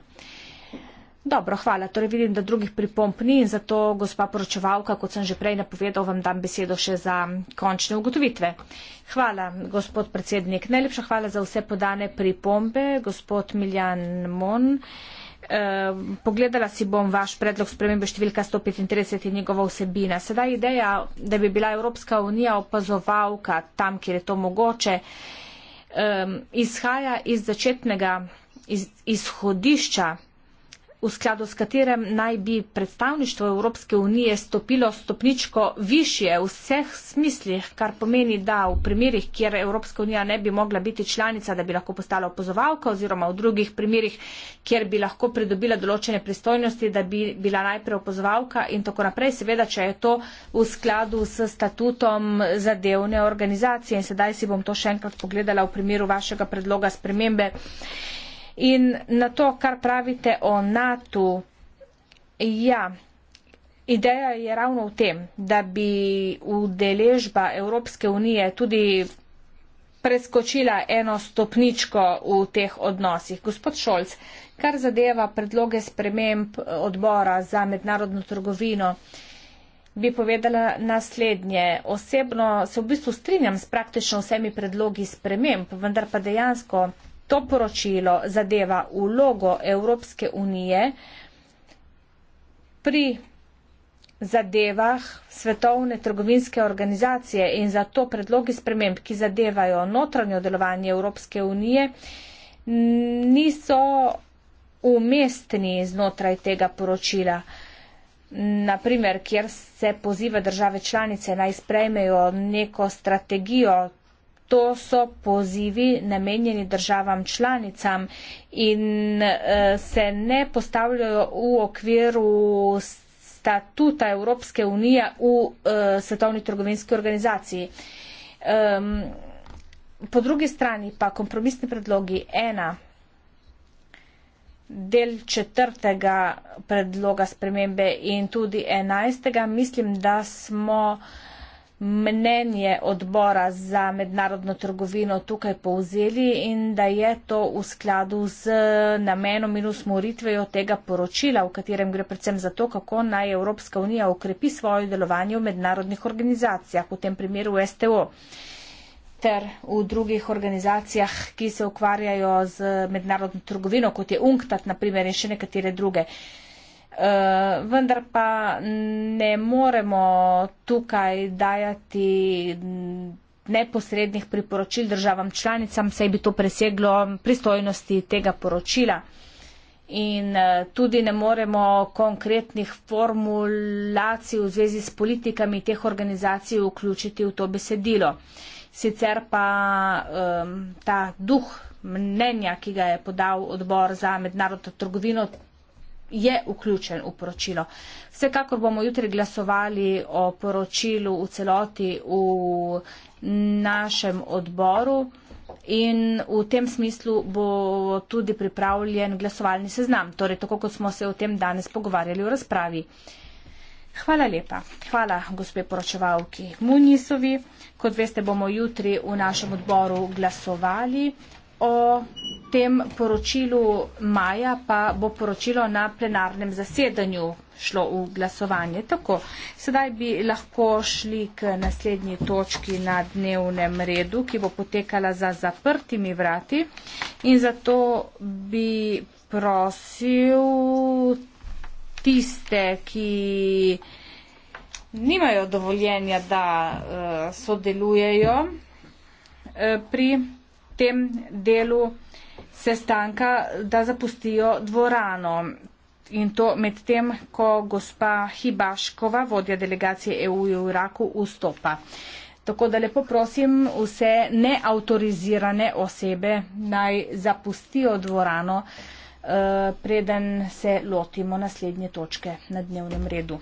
Dobro, hvala. Torej vidim, da drugih pripomp ni in zato, gospa poročevalka, kot sem že prej napovedal, vam dam besedo še za končne ugotovitve. Hvala, gospod predsednik. Najlepša hvala za vse podane pripombe, gospod Miljan Mon. Eh, pogledala si bom vaš predlog spremembe številka 135 in njegova vsebina. Sedaj ideja, da bi bila Evropska unija opazovalka tam, kjer je to mogoče, eh, izhaja iz začetnega iz, izhodišča v skladu s katerem naj bi predstavništvo Evropske unije stopilo stopničko više v vseh smislih, kar pomeni, da v primerih, kjer Evropska unija ne bi mogla biti članica, da bi lahko postala opozovalka oziroma v drugih primerih, kjer bi lahko pridobila določene pristojnosti, da bi bila najprej opozovalka in tako naprej, seveda, če je to v skladu s statutom zadevne organizacije. In sedaj si bom to še enkrat pogledala v primeru vašega predloga spremembe. In na to, kar pravite o NATO, ja, ideja je ravno v tem, da bi udeležba Evropske unije tudi preskočila eno stopničko v teh odnosih. Gospod Šolc, kar zadeva predloge sprememb odbora za mednarodno trgovino, bi povedala naslednje. Osebno se v bistvu strinjam s praktično vsemi predlogi sprememb, vendar pa dejansko To poročilo zadeva vlogo Evropske unije pri zadevah Svetovne trgovinske organizacije in zato predlogi sprememb, ki zadevajo notranjo delovanje Evropske unije, niso umestni znotraj tega poročila. Naprimer, kjer se poziva države članice naj sprejmejo neko strategijo To so pozivi namenjeni državam članicam in eh, se ne postavljajo v okviru statuta Evropske unije v eh, Svetovni trgovinski organizaciji. Po drugi strani pa kompromisni predlogi ena. Del četrtega predloga spremembe in tudi enajstega, mislim, da smo uh, mnenje odbora za mednarodno trgovino tukaj povzeli in da je to v skladu z namenom in usmoritvejo tega poročila, v katerem gre predvsem za to, kako naj Evropska unija ukrepi svoje delovanje v mednarodnih organizacijah, v tem primeru v STO ter v drugih organizacijah, ki se ukvarjajo z mednarodno trgovino, kot je UNCTAD, naprimer, in še nekatere druge. Eh, vendar pa ne moremo tukaj dajati neposrednih priporočil državam članicam, saj bi to preseglo pristojnosti tega poročila. In eh, tudi ne moremo konkretnih formulacij v zvezi s politikami teh organizacij vključiti v to besedilo. Sicer pa um, ta duh mnenja, ki ga je podal odbor za mednarodno trgovino, je vključen v poročilo. Vsekakor bomo jutri glasovali o poročilu v celoti v našem odboru in v tem smislu bo tudi pripravljen glasovalni seznam, torej tako kot smo se o tem danes pogovarjali v razpravi. Hvala lepa. Hvala, gospe poročevalki Munisovi. Kot veste, bomo jutri v našem odboru glasovali o tem poročilu maja pa bo poročilo na plenarnem zasedanju šlo v glasovanje. Tako, sedaj bi lahko šli k naslednji točki na dnevnem redu, ki bo potekala za zaprtimi vrati in zato bi prosil tiste, ki nimajo dovoljenja, da uh, sodelujejo uh, pri tem delu sestanka, da zapustijo dvorano. In to med tem, ko gospa Hibaškova, vodja delegacije EU v Iraku, vstopa. Tako da lepo prosim vse neautorizirane osebe naj zapustijo dvorano, eh, preden se lotimo naslednje točke na dnevnem redu.